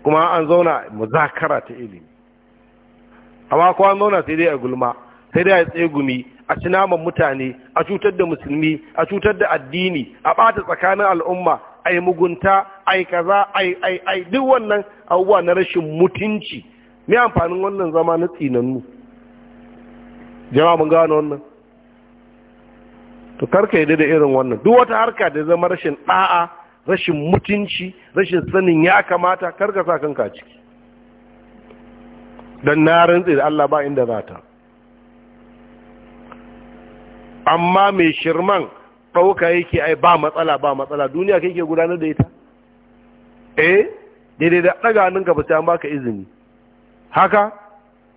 kuma an zauna muzakara ta ilimi amma kowa zauna sai dai a gulma sai dai a tsegumi a ci naman mutane a cutar da musulmi a cutar da addini a ɓata tsakanin al'umma a yi mugunta a yi kaza ai ai ai duk wannan abubuwa na rashin mutunci mai amfanin wannan zama na tsinannu jama'a mun gano wannan to karka yi da irin wannan duk wata harka da zama rashin ɗa'a, rashin mutunci rashin sanin ya kamata karka sa kanka ciki don na rantse da Allah ba inda za ta amma mai shirman ɗauka yake ai ba matsala ba matsala duniya kai ke gudanar da ita eh daidai da ɗaga hannunka ba sai an baka izini haka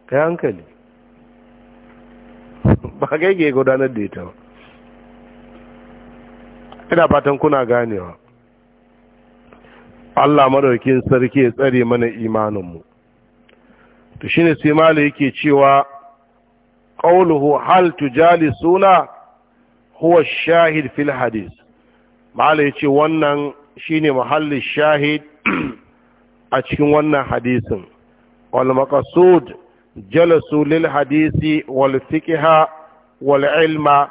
ka hankali (laughs) ba kai ke gudanar da ita ina fatan kuna ganewa Allah madaukin sarki ya tsare mana imaninmu to shine sai malu yake cewa qawluhu hal tujalisuna huwa shahid fil hadis malu yace wannan shine mahallin shahid a cikin wannan hadisin wal maqsud jalasu lil hadisi wal fiqha wal ilma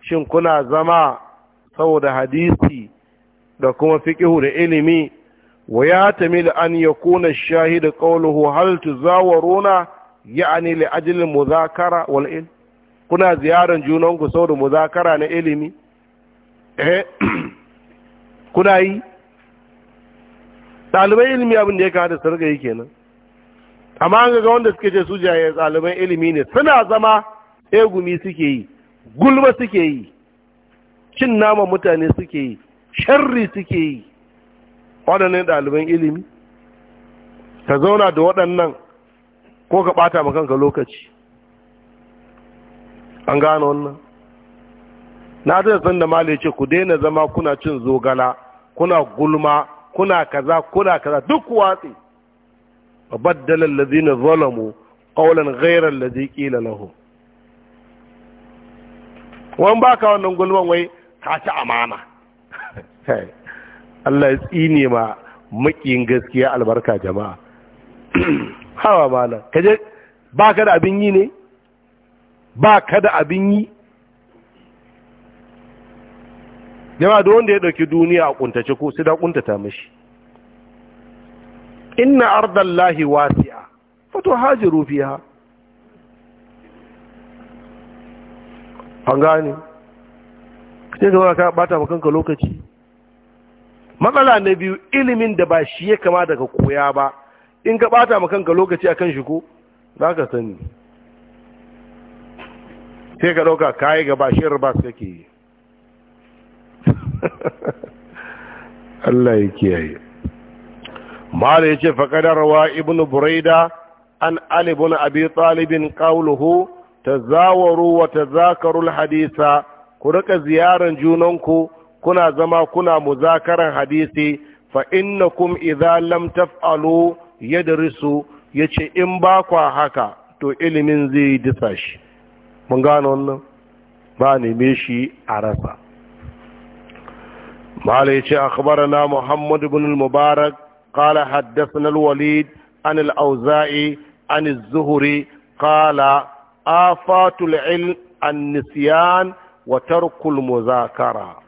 shin kuna zama saboda hadisi da kuma fiqhu da ilimi ويعتمد أن يكون الشاهد قوله هل تزاورون يعني لأجل المذاكرة والعلم kuna ziyaran junanku saboda muzakara na ilimi eh kuna yi ɗaliban ilimi abin da ya kada su rika yi kenan amma an ga wanda suke ce su jaye ɗaliban ilimi ne suna zama egumi suke yi gulma suke yi cin nama mutane suke yi sharri suke yi waɗannan ɗaliban ilimi ka zauna da waɗannan ko ka ɓata makanka lokaci an gano wannan na ta san da mali ce ku daina zama kuna cin zogala kuna gulma kuna kaza kuna kaza duk watsi baddala allazina zalamu qawlan ghayra allazi qila lahum wan baka wannan gulman wai ka ci amana (laughs) Allah ya tsine ma makin gaskiya albarka jama'a (clears throat) hawa ka kaje ba ka da abin yi ne ba ka da abin yi jama'a da wanda ya ɗauki duniya a ƙuntace ko sai da ƙuntata mashi inna ardallahi wasi'a fato hajiru fiha an gane kaje gaba ka bata maka lokaci matsala na biyu ilimin da ba shi ya kama daga koya ba in ka bata ma kanka lokaci akan shi ko za ka sani sai ka ɗauka kayi ga ba su kake yi (laughs) Allah ya kiyaye mala ya ce faƙadarwa ibn buraida an alibun abi talibin ƙauluhu ta zawaru wa ta zakarul hadisa ku rika ziyarar junanku kuna zama kuna muzakaran hadisi fa innakum idza lam taf'alu yadrisu yace in ba kwa haka to ilimin zai disa shi mun gano wannan ba neme shi a rasa mala yace akhbarana muhammad ibn al-mubarak qala haddathana al-walid an al-auza'i an az-zuhri qala afatul ilm an-nisyan wa tarkul muzakara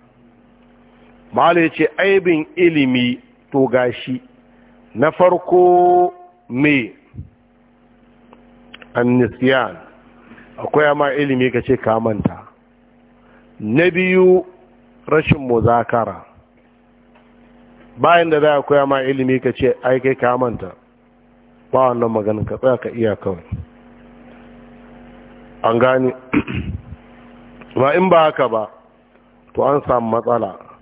mala ya ce aibin ilimi to gashi na farko me annisiyan akwai ma ilimi ka ce kamanta na biyu rashin muzakara bayan da za a koya ma ilimi ka ce ai kai kamanta ba wannan maganin ka tsaya ka iya kawai an gani (clears throat) ba in ba haka ba to an samu matsala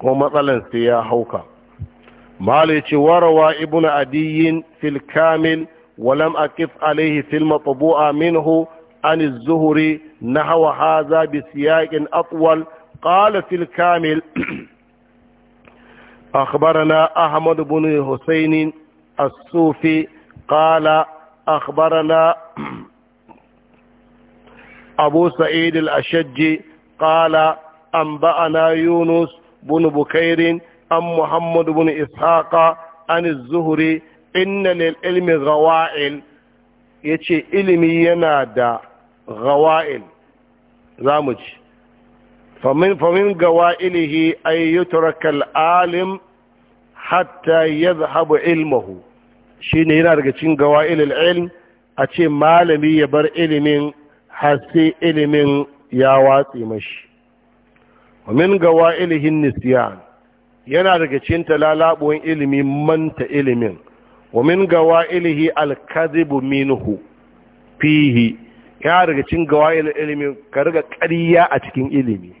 ko matsalan sai ya hauka mali ce warawa ibn adiyin fil kamil walam aqif alaihi fil matbu'a minhu عن الزهري نحو هذا بسياق أطول قال في الكامل أخبرنا أحمد بن حسين الصوفي قال أخبرنا أبو سعيد الأشج قال أنبأنا يونس بن بكير عن محمد بن إسحاق عن الزهري إن للعلم غوائل يتي علمي ينادى غوائل زامج فمن فمن غوائله أن يترك العالم حتى يذهب علمه shine هنا daga غوائل العلم أتي مالمي يبر malami حسي bar يا har مشي wa min ilihin nisyan yana daga cikin talalabuwan ilimi manta ilimin wa min gawa gawailihi alkazibu minhu fihi yana daga cikin gawa ilimin ka riga ƙarya a cikin ilimi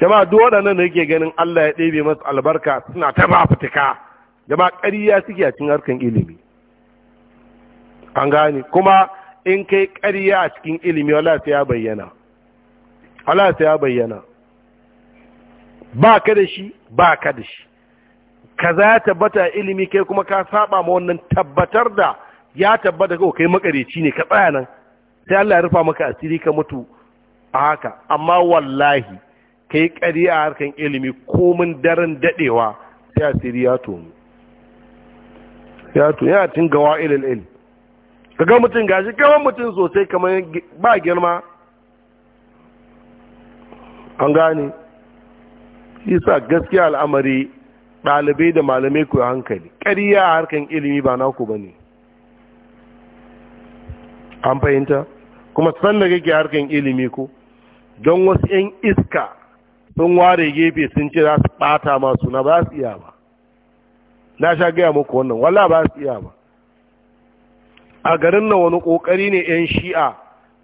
jama'a duk waɗannan da yake ganin Allah ya ɗebe masu albarka suna ta ba fitika jama'a ƙarya suke a cikin harkan ilimi an gane kuma in kai ƙarya a cikin ilimi wala sai ya bayyana ta ya bayyana ba ka da shi ba ka da shi kaza ya tabbata ilimi kai kuma ka saba ma wannan tabbatar da ya tabbata ko kai makareci ne ka tsaya nan sai Allah ya rufa maka asiri ka mutu a haka amma wallahi kai kari a harkan ilimi komin daren dadewa sai asiri ya tomu ya tomu tinga wa ilil il kaga mutum gashi kaman mutum sosai kamar ba girma an gane sa gaskiya al'amari ɗalibai da malamai ku hankali ƙariya a harkar ilimi ba ku ba ne an fahimta kuma san da kake harkar ilimi ko don wasu 'yan iska sun ware gefe sun ce za su ɓata masu na ba su iya ba na sha gaya muku wannan wala ba su iya ba a garin na wani ƙoƙari ne 'yan shi'a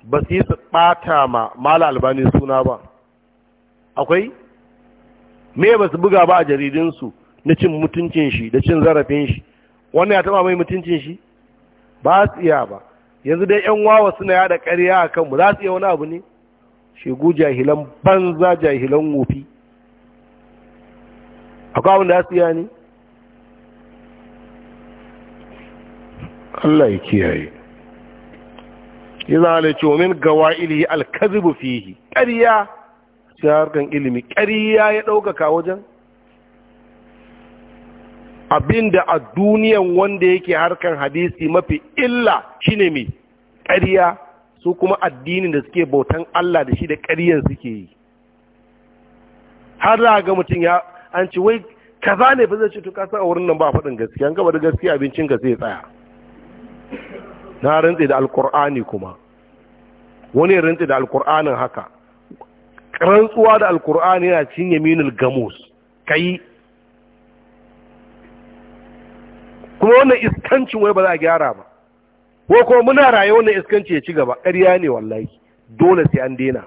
ba su yi su ɓata ma mala albani suna ba akwai me ba su buga ba a jaridunsu na cin mutuncin shi da cin zarafin shi wannan ya taba mai mutuncin shi ba su iya ba yanzu dai yan wawa suna yada ƙarya a kanmu za su iya wani abu ne shegu jahilan banza jahilan wofi akwai abin da za su iya ne Allah ya kiyaye yi zama da cewa min gawa ili alkazibu fihi ƙarya sai harkar ilimi ƙariya ya ɗaukaka wajen abinda a duniyan wanda yake harkar hadisi mafi illa shine mai ƙariya su kuma addinin da suke bautan Allah da shi da ƙariyan suke yi har za ga mutum ya an ci wai kaza ne fa zai ce to a wurin nan ba faɗin gaskiya an gaba da gaskiya abincin ka sai tsaya na rantse da alkur'ani kuma wani rantse da alkur'anin haka rantsuwa da alkur'ani yana cin yaminul gamus kai kuma wannan iskancin wai ba za a gyara ba ko kuma muna raye wannan iskanci ya ci gaba ƙarya ne wallahi dole sai an daina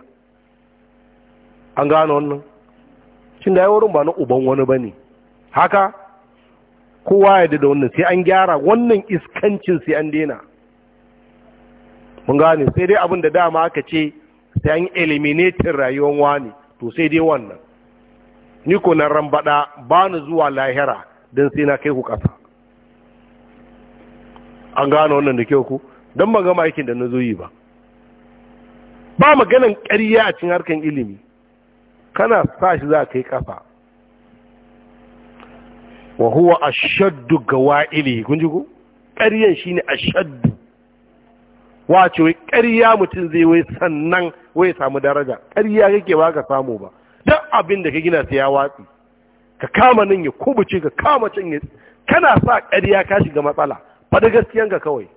an gano wannan cin da wurin ba na uban wani ba ne haka kowa ya da wannan sai an gyara wannan iskancin sai an daina mun gane sai dai abin da dama aka ce sai an eliminating rayuwar wani to sai dai wannan ni ko nan rambada ba ni zuwa lahira don sai na kai ku kasa an gano wannan da kyau ku don ban gama aikin da na zo yi ba ba maganan ƙarya a cikin harkar ilimi kana sa shi za kai ƙasa wa huwa ashaddu gawaili kun ji ku ƙaryan shine ashaddu wace wai ƙarya mutum zai wai sannan wai samu daraja ƙarya kake ba ka samu ba duk abin da ka gina sai ya watsi ka kama nan ya kubuce ka kama can ya kana sa ƙarya ka shiga matsala faɗi ka kawai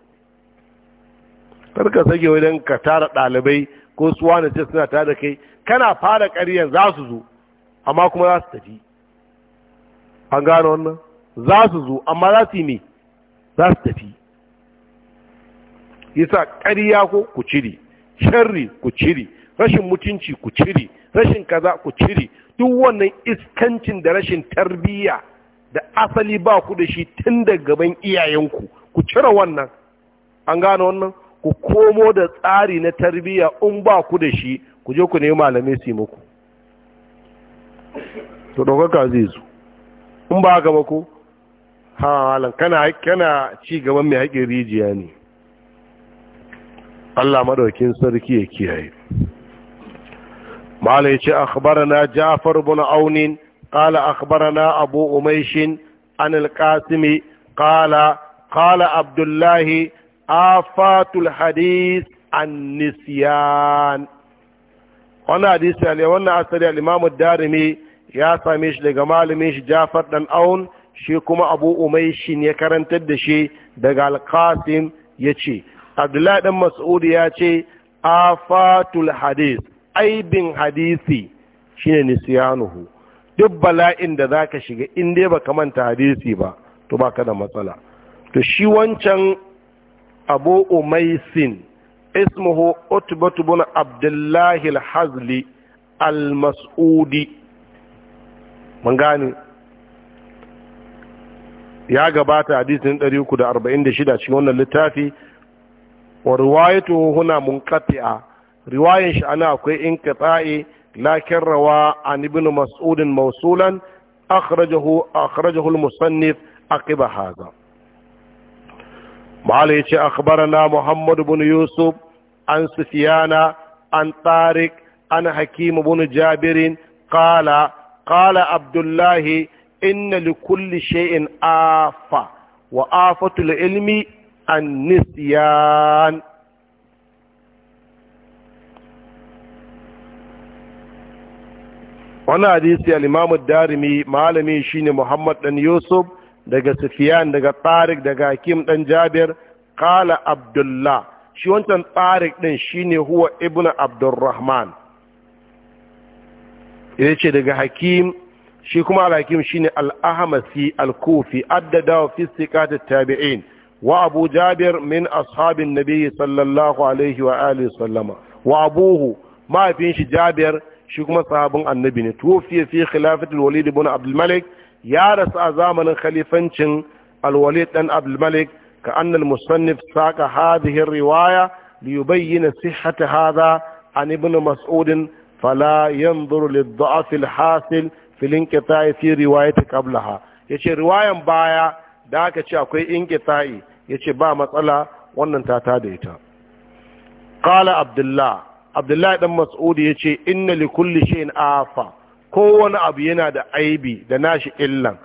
karka sage wajen ka tara ɗalibai ko su wani ce suna tare da kai kana fara ƙaryan za su zo amma kuma za su tafi an gano wannan za su zo amma za su yi mai za su tafi yasa ƙarya ko ku cire sharri ku cire rashin mutunci ku cire rashin kaza ku cire duk wannan iskancin da rashin tarbiyya da asali ba ku da shi tun da gaban iyayenku ku cire wannan an gane wannan ku komo da tsari na tarbiyya in ba ku da shi ku je ku nemi malame su yi muku to ka zai zo in ba ba ku? ha kana kana ci gaban mai haƙin rijiya ne Allah madaukin sarki ya kiyaye mala ce, akhbarana Ja'far ibn Aun qala akhbarana Abu Umaysh an al-Qasim qala qala Abdullah afatul hadith an-nisyan wannan hadisi ne wannan asali al-Imam darimi ya same shi daga malamin shi Ja'far dan Aun shi kuma Abu Umaysh ya karantar da shi daga al ya ce. abdullahi ɗan mas'udi ya ce afatul hadis aibin hadisi shine nisiyanuhu, duk bala'in da za ka shiga inda ba baka manta hadisi ba to ba ka da matsala to shi wancan abu umaisin ismuhu utbatu bin abdullahi al-hazli al-mas'udi mun gane ya gabata hadisin 346 cikin wannan littafi وروايته هنا منقطعه روايه شأنا كي انقطاعي لكن روى عن ابن مسعود موصولا اخرجه اخرجه المصنف عقب هذا. معليش اخبرنا محمد بن يوسف عن سفيان عن طارق عن حكيم بن جابر قال قال عبد الله ان لكل شيء افه وافه العلم annisiyan wani hadisi alimamu darimi malami shine muhammad dan yusuf daga sufiyan daga tsarik daga hakim dan jabir kala abdullah shi wancan tsarik din shine huwa ibnu abdurrahman ya ce daga hakim shi kuma al-hakim shine al-ahmasi al-kufi addada fi siqat tabi'in وأبو جابر من أصحاب النبي صلى الله عليه وآله وسلم وأبوه ما فيش جابر shi kuma sahabin annabi ne tuwafiya fi khilafatul walid ibn abdul malik ya rasu a zamanin khalifancin al-walid dan abdul malik ka annal musannif saka hadhihi riwaya li yubayyana sihhata hadha an ibn mas'ud fala yanzuru lid-da'f al-hasil fi al-inqita'i fi riwayati qablaha yace riwayan baya da aka ce akwai inqita'i ya ce ba matsala wannan ta ta da ita ƙala abdullah abdullah ɗan mas'udi ya ce inna likulli kulli shayin afa kowane abu yana da aibi da nashi illan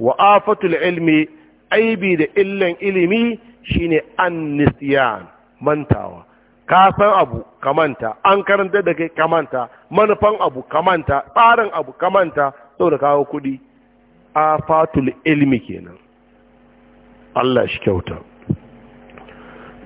wa afatul ilmi aibi da illan ilimi shine an nisiyan mantawa ka san abu kamanta an karanta da kai kamanta manufan abu kamanta tsarin abu kamanta da kawo kuɗi afatul ilmi kenan Allah shi kyauta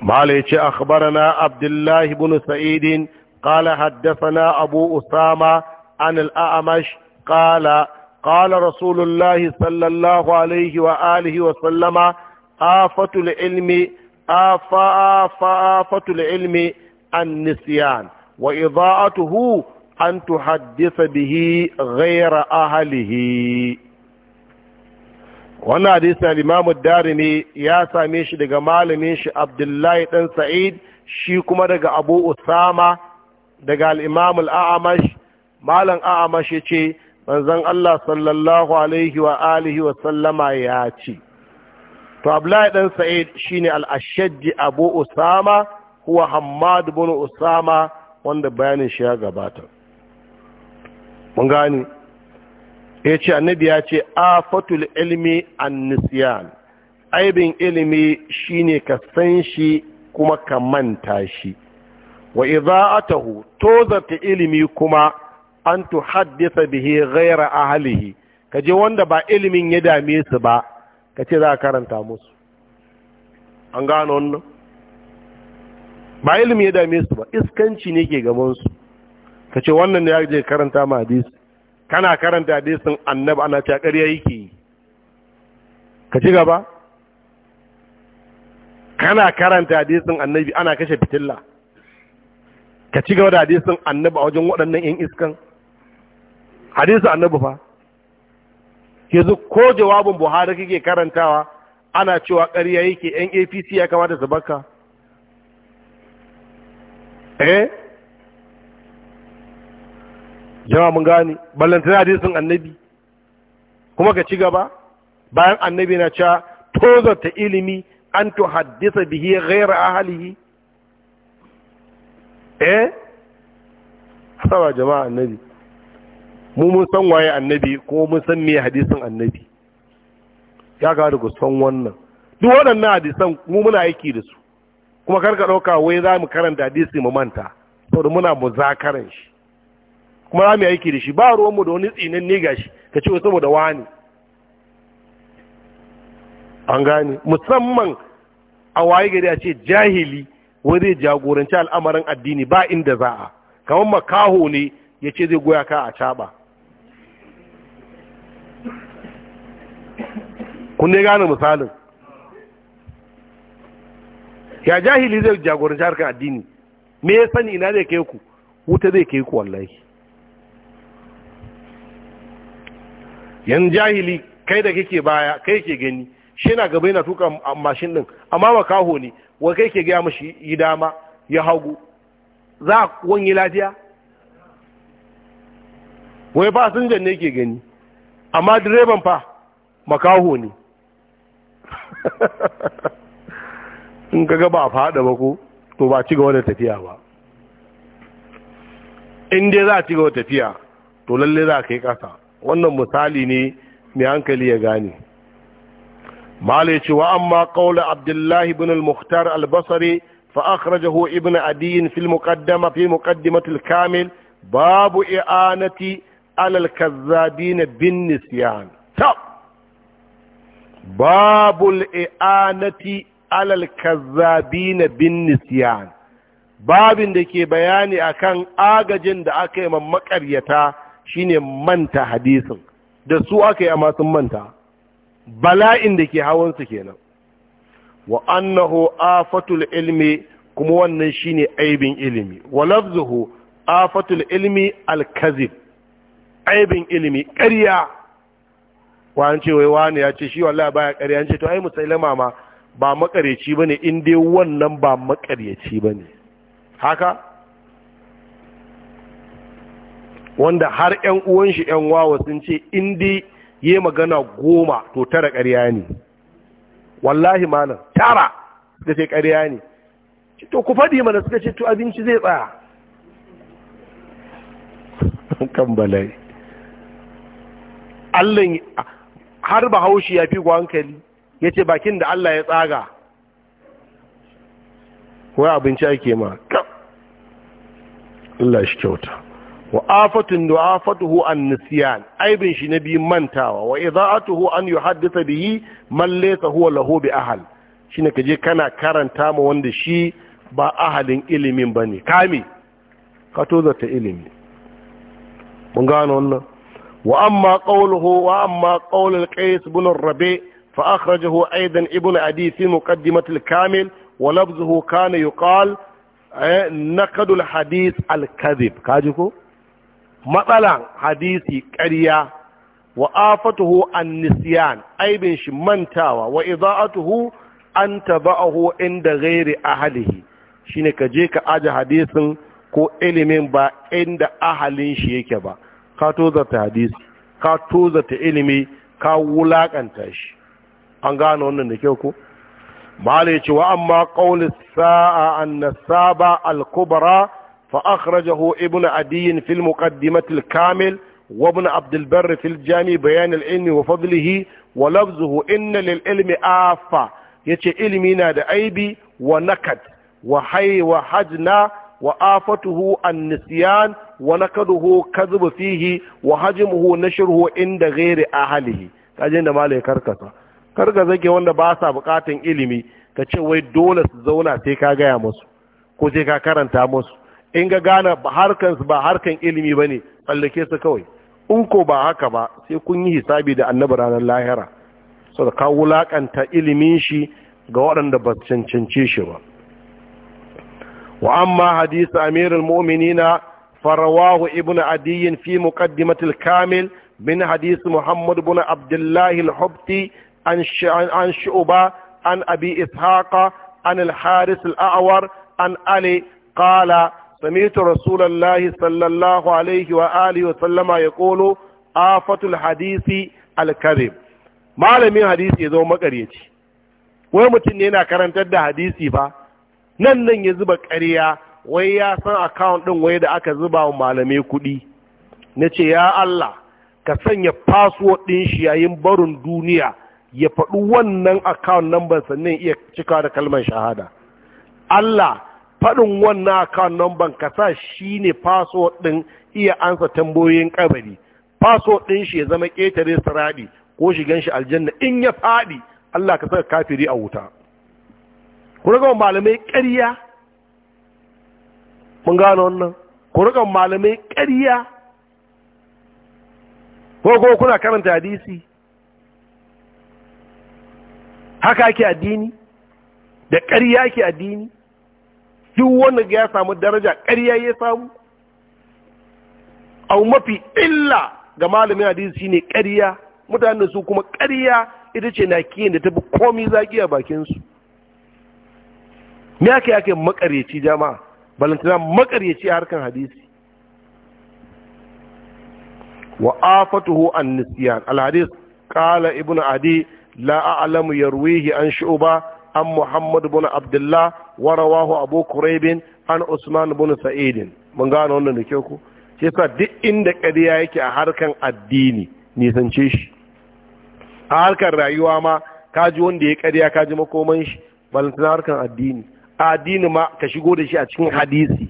ماليك أخبرنا عبد الله بن سعيد قال حدثنا أبو أسامة عن الأعمش قال قال رسول الله صلى الله عليه وآله وسلم آفة العلم آفة آفة آفة العلم النسيان وإضاءته أن تحدث به غير أهله wannan hadisi al ad darimi ya same shi daga malamin shi abdullahi dan sa'id shi kuma daga abu usama daga al imam al amash malam a'mash ya ce manzon Allah sallallahu alaihi wa alihi wa sallama ya ce to abdullahi dan sa'id shine al ashajj abu usama huwa hammad ibn usama wanda bayanin shi ya gabata mun gani ya ce annabi ya ce fatul ilmi annisiyan aibin ilimi shine ka san shi kuma ka manta shi wa idza'atuhu tozarta ilimi kuma an tu gaira bihi ghayra ahlihi kaje wanda ba ilimin ya dame su ba kace za ka karanta musu an gano wannan ba ilimin ya dame su ba iskanci ne ke gaban su kace wannan ne ya je karanta ma hadisi kana karanta hadisin annabi ana cewa ƙarya yake yi ka ci gaba kana karanta hadisin annabi ana kashe fitilla ka ci gaba da hadisin annabi a wajen waɗannan yan iskan hadisin annabi fa yanzu ko jawabin buhari kake karantawa ana cewa ƙarya yake yan apc ya kamata su baka eh jama mun gane ballantana hadisin annabi kuma ka ci gaba bayan annabi na cewa tozarta ilimi an haddisa bihi ghaira ahlihi eh sawa jama'a annabi mu mun san waye annabi ko mun san me hadisin annabi ya ga da san wannan duk waɗannan hadisan mu muna aiki da su kuma karka ɗauka wai za mu karanta hadisi mu manta saboda muna muzakaran shi kuma rami mu aiki da shi ba ruwanmu da wani tsinin ne gashi ka ce saboda wani an gane musamman a waye gari a ce jahili wani ya jagoranci al'amarin addini ba inda za a kamar makaho ne ya ce zai goya ka a caɓa Kunne gane misalin ya jahili zai jagoranci harkar addini me ya sani ina zai kai ku wuta zai kai ku wallahi yan jahili kai da kake baya kai ke gani shi na gaba yana tuka mashin din amma makaho ne wa kai ke gaya mashi yi dama ya hagu za a wani lafiya wai jan ne ke gani amma direban fa makaho ne (laughs) in ka gaba a fada ba ko to ba ci gaba da tafiya ba in dai za a ci gaba tafiya to lalle za a kai kasa wannan misali ne mai hankali ya gane malai ce wa amma kawla abdullahi bin al-mukhtar al basari fa ibn adiyin fil muqaddama fi muqaddimatil kamil babu i'anati alal kazzabin bin nisyan ta babul i'anati alal kazzabin bin nisyan babin da ke bayani akan agajin da aka yi makaryata shine manta hadisin da su aka yi amma sun manta bala'in da ke hawansu kenan wa annahu afatul ilmi kuma wannan shine aibin ilimi wa lafzuhu afatul ilmi al-kazib aibin ilimi ƙarya an ce wai wani ya ce shi wallahi baya ƙarya an ce to ai musailama ma ba makareci bane in dai wannan ba makareci bane haka wanda har 'yan uwan shi 'yan wawa sun ce inda dai yi magana goma to tara ƙarya ne wallahi malam tara Da sai ƙarya ne to ku faɗi mana suka ce to abinci zai tsaya (laughs) kan balai Allah har ba haushi ya fi gwankali, hankali ya ce bakin da Allah ya tsaga wai abinci ake ma Allah shi kyauta وآفته آفته النسيان أي بن شنبي من تاوى وإضاءته أن يحدث به من ليس هو له بأهل شنك جي كان كارن تام وند شي با أهل علم بني كامي كتوزة علم من قالوا وأما قوله وأما قول القيس بن الربيع فأخرجه أيضا ابن أدي في مقدمة الكامل ولفظه كان يقال آه، نقد الحديث الكذب كاجكو matsalan hadisi ƙarya wa afatuhu an nisyan aibin shi mantawa wa iza'atuhu an taba'ahu inda ghairi ahlihi shine ka je ka aje hadisin ko ilimin ba inda ahalin shi yake ba ka tozarta hadisi ka ilimi ka wulakanta shi an gane wannan da kyau ko malai ce wa amma qawli sa'a an nasaba al-kubra فأخرجه ابن عدي في المقدمة الكامل وابن عبد البر في الجامع بيان العلم وفضله ولفظه إن للعلم آفة يتي علمنا دأيبي ونكد وحي وحجنا وآفته النسيان ونكده كذب فيه وهجمه نشره عند غير أهله kajin da malai karkasa karkasa ke wanda ba sa bukatan ilimi ka ce wai dole su zauna sai ka gaya musu ko sai ka karanta musu in ga gane ba harkan ba harkan ilimi ba ne tsallake su kawai in ko ba haka ba sai kun yi hisabi da annabi ranar lahira sau da kawo wulaƙanta ilimin shi ga waɗanda ba cancanci shi ba wa amma hadisi amirul mu'minina farawahu ibnu adiyin fi muqaddimatil kamil من hadisi محمد بن عبد an an عن an abi عن an إسحاق عن الحارث الأعور عن سمعت رسول الله صلى الله عليه وآله وسلم يقول آفة الحديث الكذب malamin hadisi ya zama makaryaci wai mutum ne yana karantar da hadisi ba nan nan ya zuba ƙarya wai ya san account ɗin wai da aka zuba wa malamai kuɗi na ce ya Allah ka sanya password ɗin shi yayin barin duniya ya faɗi wannan account number sannan iya cika da kalmar shahada Allah faɗin wannan account number ka sa shi ne password ɗin iya ansa tambayoyin kabari password ɗin shi ya zama ƙetare siraɗi ko shigan shi aljanna in ya faɗi Allah ka saka kafiri a wuta ku riga malamai ƙarya mun gano wannan ku riga malamai ƙarya ko ko kuna karanta hadisi haka ake addini da ƙarya ke addini duk wanda ya samu daraja ƙarya ya samu A mafi illa ga malamin hadisi shine ƙarya mutanen su kuma ƙarya ita ce na kiyan da tafi komi zaki a bakinsu me aka yake makaryaci jama'a balantana makaryaci a harkan hadisi wa afatuhu an nisyan al hadis qala ibn adi La'alamu Yarwehi, an shu'ba an muhammadu abdullah Warawahu, abu kuraibin an usman bin sa'idin mun gano wannan da kyau ku shi yasa duk inda ƙarya yake a harkan addini nisance shi a harkar rayuwa ma kaji wanda ya ƙarya kaji makoman shi balantana harkan addini a addini ma ka shigo da shi a cikin hadisi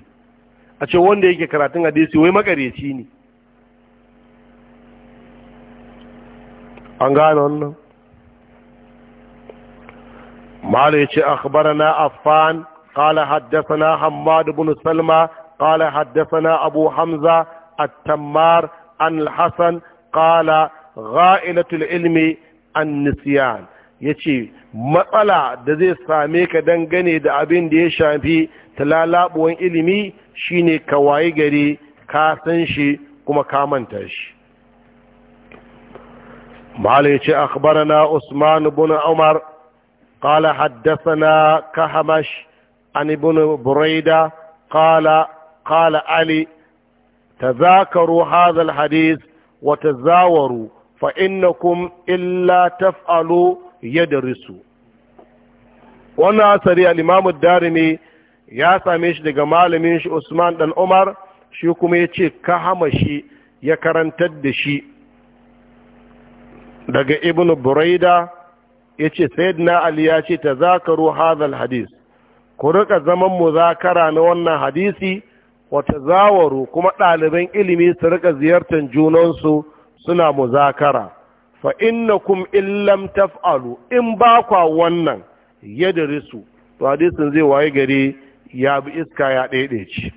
a ce wanda yake karatun hadisi wai makareci ne an gane wannan mala ce akhbarana affan qala haddathana hammad ibn salma qala na abu hamza at-tammar an hasan qala gha'ilatul ilmi an ya ce matsala da zai same ka dangane da abin da ya shafi talalabuwan ilimi shine ka wayi gari ka san shi kuma ka manta shi mala ya ce akhbarana usman ibn umar قال حدثنا كهمش عن ابن بريدة قال قال علي تذاكروا هذا الحديث وتزاوروا فإنكم إلا تفعلوا يدرسوا wannan asari al'imamu darimi ya same shi daga malamin shi usman dan umar shi kuma ya ce ka hama ya karantar da shi daga Ibnu buraida ya ce sayyidina ali ya ce ta zakaru hadal hadis ku rika zaman muzakara na wannan hadisi wata zawaru kuma ɗaliban ilimi su rika ziyartar junansu suna muzakara fa innakum illam taf'alu in ba kwa wannan yadrisu to hadisin zai waye gari ya bi iska ya daidaici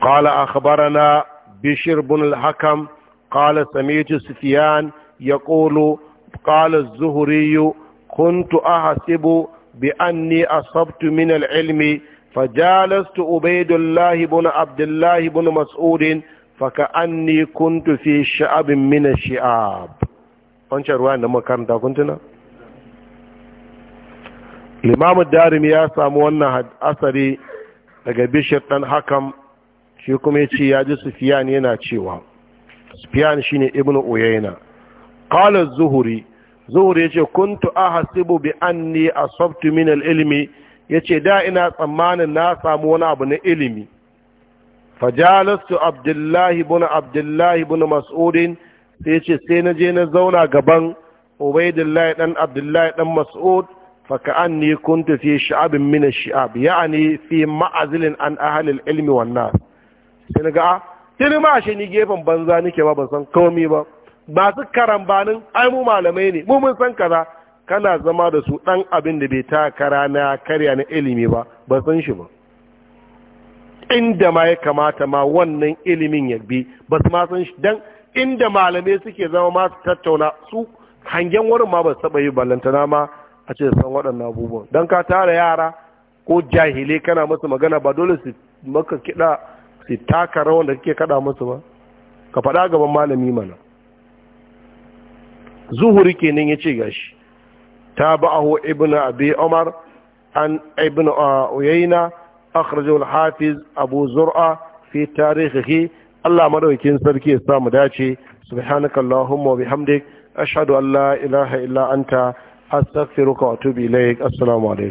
qala akhbarana bishr ibn al-hakam qala sami'tu sufyan yaqulu قال الزهري كنت أحسب بأني أصبت من العلم فجالست عبيد الله بن عبد الله بن مسعود فكأني كنت في شعب من الشعاب wancan ruwa da makaranta kun tuna limamu darim ya samu wannan asari daga bishiyar ɗan hakam shi kuma ya ce ya ji sufiyan yana cewa sufiyan shine ibnu uyayna qala zuhuri zuhuri yace kuntu ahasibu bi anni asabtu min al-ilmi yace da ina tsammanin na samu wani abu na ilimi fajalastu abdullahi ibn abdullahi ibn mas'ud sai ce sai na je na zauna gaban ubaidullahi dan abdullahi dan mas'ud فكأني كنت في شعب من الشعب يعني في معزل عن أهل العلم والناس sai na ga sai na ma shi ni gefen banza nake ba ban san komai ba masu karambanin a'imu malamai ne mu mun san kaza kana zama da su dan abin da bai takara na karya na ilimi ba ba san shi ba inda ma ya kamata ma wannan ilimin ya bi ba su ma san shi dan inda malamai suke zama masu tattauna su hangen wurin ma ba su yi ballantana ma a ce san waɗannan abubuwan don ka tara yara ko jahilai kana musu magana ba dole su maka kiɗa su taka rawan da kake kaɗa musu ba ka faɗa gaban malami mana zuhuri kenan ya ce gashi ta ba'ahu ibn abi umar an ibn uh, uyayna akhrajahu al-hafiz abu zur'a fi tarihihi Allah madaukakin sarki ya samu dace subhanakallahumma wa bihamdik ashhadu an la ilaha illa anta astaghfiruka wa atubu ilaik assalamu alaikum